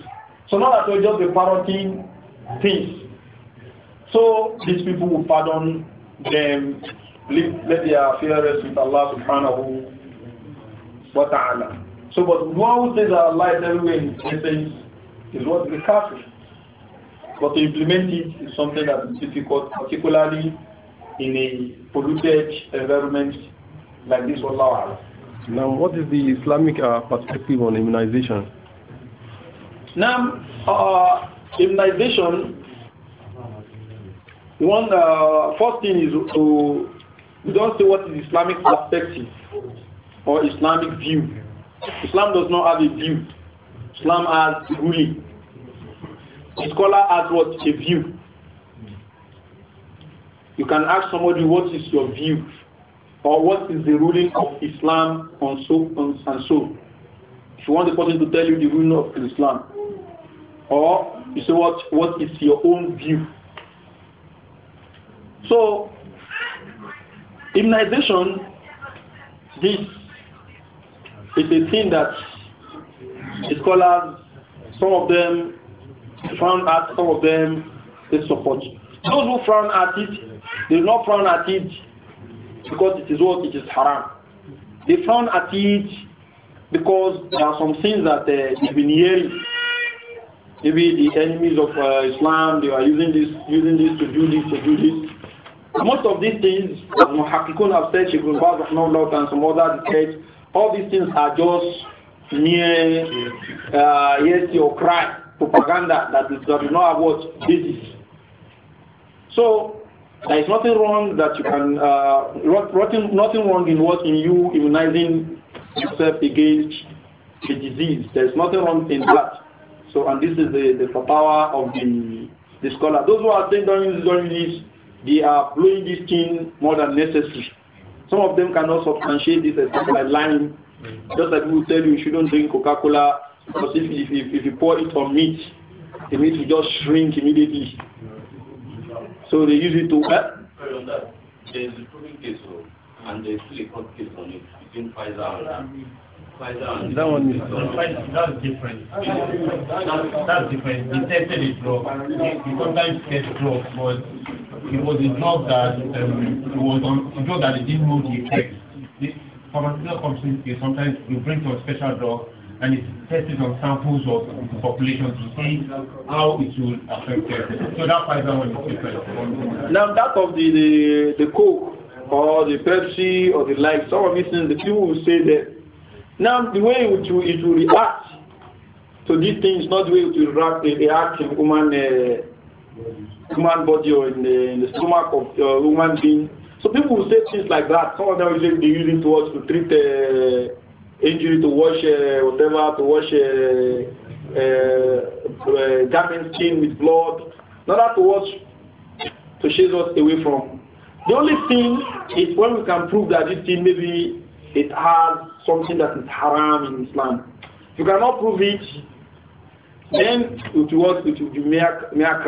Speaker 1: So now that we just the parroting things. So these people will pardon them, let their fear rest with Allah subhanahu wa ta'ala. So, but one who say that our is everywhere in essence is what we kafir. But to implement it is something that is difficult, particularly in a polluted environment like this. Allah. Now, what is the Islamic uh, perspective on immunization? Now, uh, immunization, one uh, first thing is to we don't say what is Islamic perspective or Islamic view. Islam does not have a view. Islam has ruling. The scholar has what? A view. You can ask somebody what is your view or what is the ruling of Islam on so on, and so. If you want the person to tell you the ruling of Islam, or you say what what is your own view. So immunization, this it's a thing that scholars, some of them frown at, some of them they support. Those who frown at it, they do not frown at it because it is what it is haram. They frown at it because there are some things that uh, they've been hearing. Maybe the enemies of uh, Islam, they are using this, using this to do this, to do this. Most of these things, as Muhakkikun have said, Sheikh Ibn Baz and some other said, all these things are just mere uh, yes or cry propaganda that is does not about what basis. So there is nothing wrong that you can uh, nothing, nothing wrong in what in you immunizing yourself against the disease. There is nothing wrong in that. So and this is the, the power of the the scholar. Those who are saying don't use don't use this, they are blowing this thing more than necessary. Some of them cannot substantiate this except by lying. Just like we tell you you shouldn't drink Coca-Cola because if, if, if, if you pour it on meat, the meat will just shrink immediately. So they use it to... Uh, there is a proven case, and there is still a court case on it between Pfizer and... Pfizer that one is that's different. That's, that's different. He tested it drug. He sometimes gets close, but it was a drug that um, it was on, a drug that they didn't know the effect. The pharmaceutical companies sometimes you bring some special drug and it tested on samples of the population to see how it will affect them. So that Pfizer one is different. Now that of the, the the Coke or the Pepsi or the like, some of these things the people will say that now the way it will, it will react to so these things, not the way it will react, react in human. Uh, human body or in the, in the stomach of a human being. So people will say things like that. Some of them will be using towards to treat uh, injury, to wash uh, whatever, to wash uh, uh, uh garment skin with blood, not that to wash, to chase us away from. The only thing is when we can prove that this thing maybe it has something that is haram in Islam. If you cannot prove it, then it will, it be mere, mere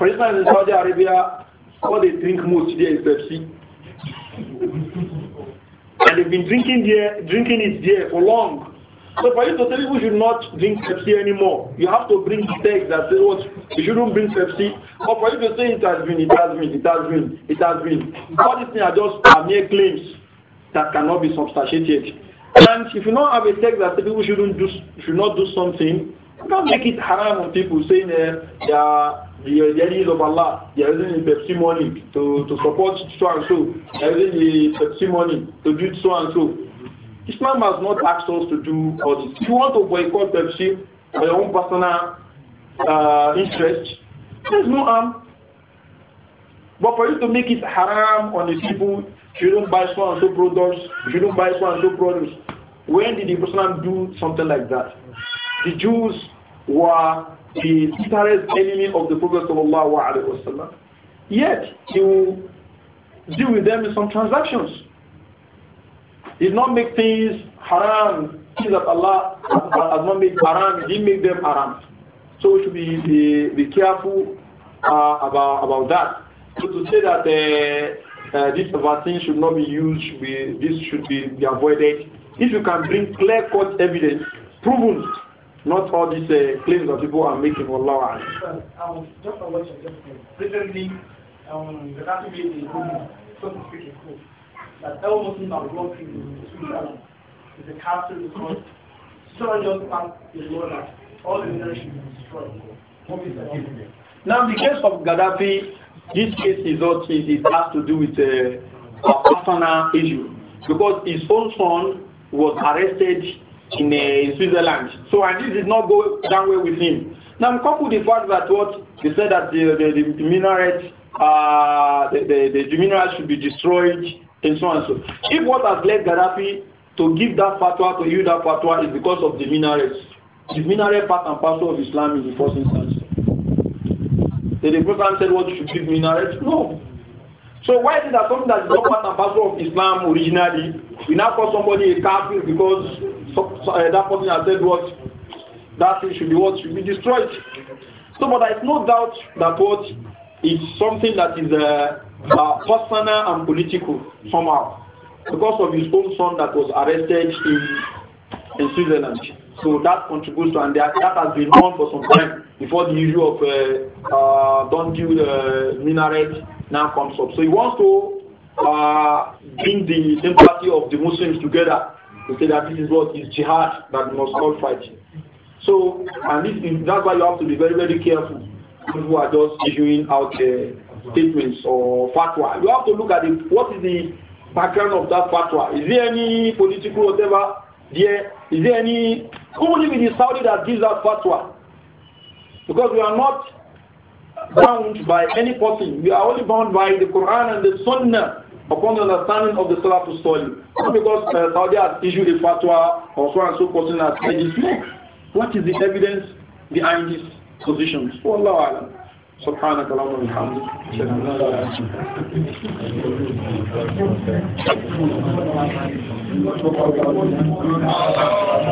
Speaker 1: for instance, in Saudi Arabia, what they drink most there is Pepsi. and they've been drinking there, drinking it there for long. So for you to say people should not drink Pepsi anymore, you have to bring the text that says what you shouldn't drink Pepsi. But for you to say it has been, it has been, it has been, it has been. All these things are just are mere claims that cannot be substantiated. And if you don't have a text that says people shouldn't do, should not do something, you can't make it haram on people saying uh, they are the, the enemies of Allah, they are using the Pepsi money to, to support so and so, they are the Pepsi money to do so and so. Islam has not asked us to do all this. If you want to boycott Pepsi for your own personal uh, interest, there's no harm. But for you to make it haram on the people, you don't buy so and so products, you don't buy so and so products. When did the person do something like that? The Jews were the bitterest enemy of the Prophet wasallam. Yet he will deal with them in some transactions. He did not make things haram, things that Allah has not made haram, he didn't make them haram. So we should be, be, be careful uh, about, about that. So to say that uh, uh, this vaccine should not be used, should be, this should be, be avoided, if you can bring clear-cut evidence, proven not all these uh, claims that people are making for law. Um, just what you just said. Recently, um, the country made that working in The is all the destroyed. Now, the case of Gaddafi, this case is not, it, it has to do with uh, a personal issue because his own son was arrested in uh, Switzerland. So, and this did not go that way with him. Now, couple the fact that what they said that the, the, the minaret, uh, the, the, the minaret should be destroyed and so on and so. If what has led Gaddafi to give that fatwa, to you that fatwa, is because of the minarets. The minaret part and parcel of Islam in the first instance. Did the Prophet said what you should give minarets? No. So why is it that something that is not part and parcel of Islam originally, we now call somebody a kafir because so, so, uh, that person has said what that thing should be what should be destroyed. So, but there is no doubt that what is something that is uh, uh, personal and political somehow because of his own son that was arrested in in Switzerland. So that contributes to, and that, that has been known for some time before the issue of uh, uh, don't do the minaret now comes up. So he wants to uh, bring the sympathy of the Muslims together say that this is what is jihad that must not fight. So, and this is, that's why you have to be very, very careful who are just issuing out uh, statements or fatwa. You have to look at it. What is the background of that fatwa? Is there any political whatever there? Is there any, only with the Saudi that gives that fatwa? Because we are not bound by any person. We are only bound by the Quran and the Sunnah upon the understanding of the Salafus Salih. Not because uh, Saudi has issued a fatwa or so and so person has said this. No. What is the evidence behind this position? Wallahu alam. سبحانك اللهم وبحمدك اشهد ان لا اله الا انت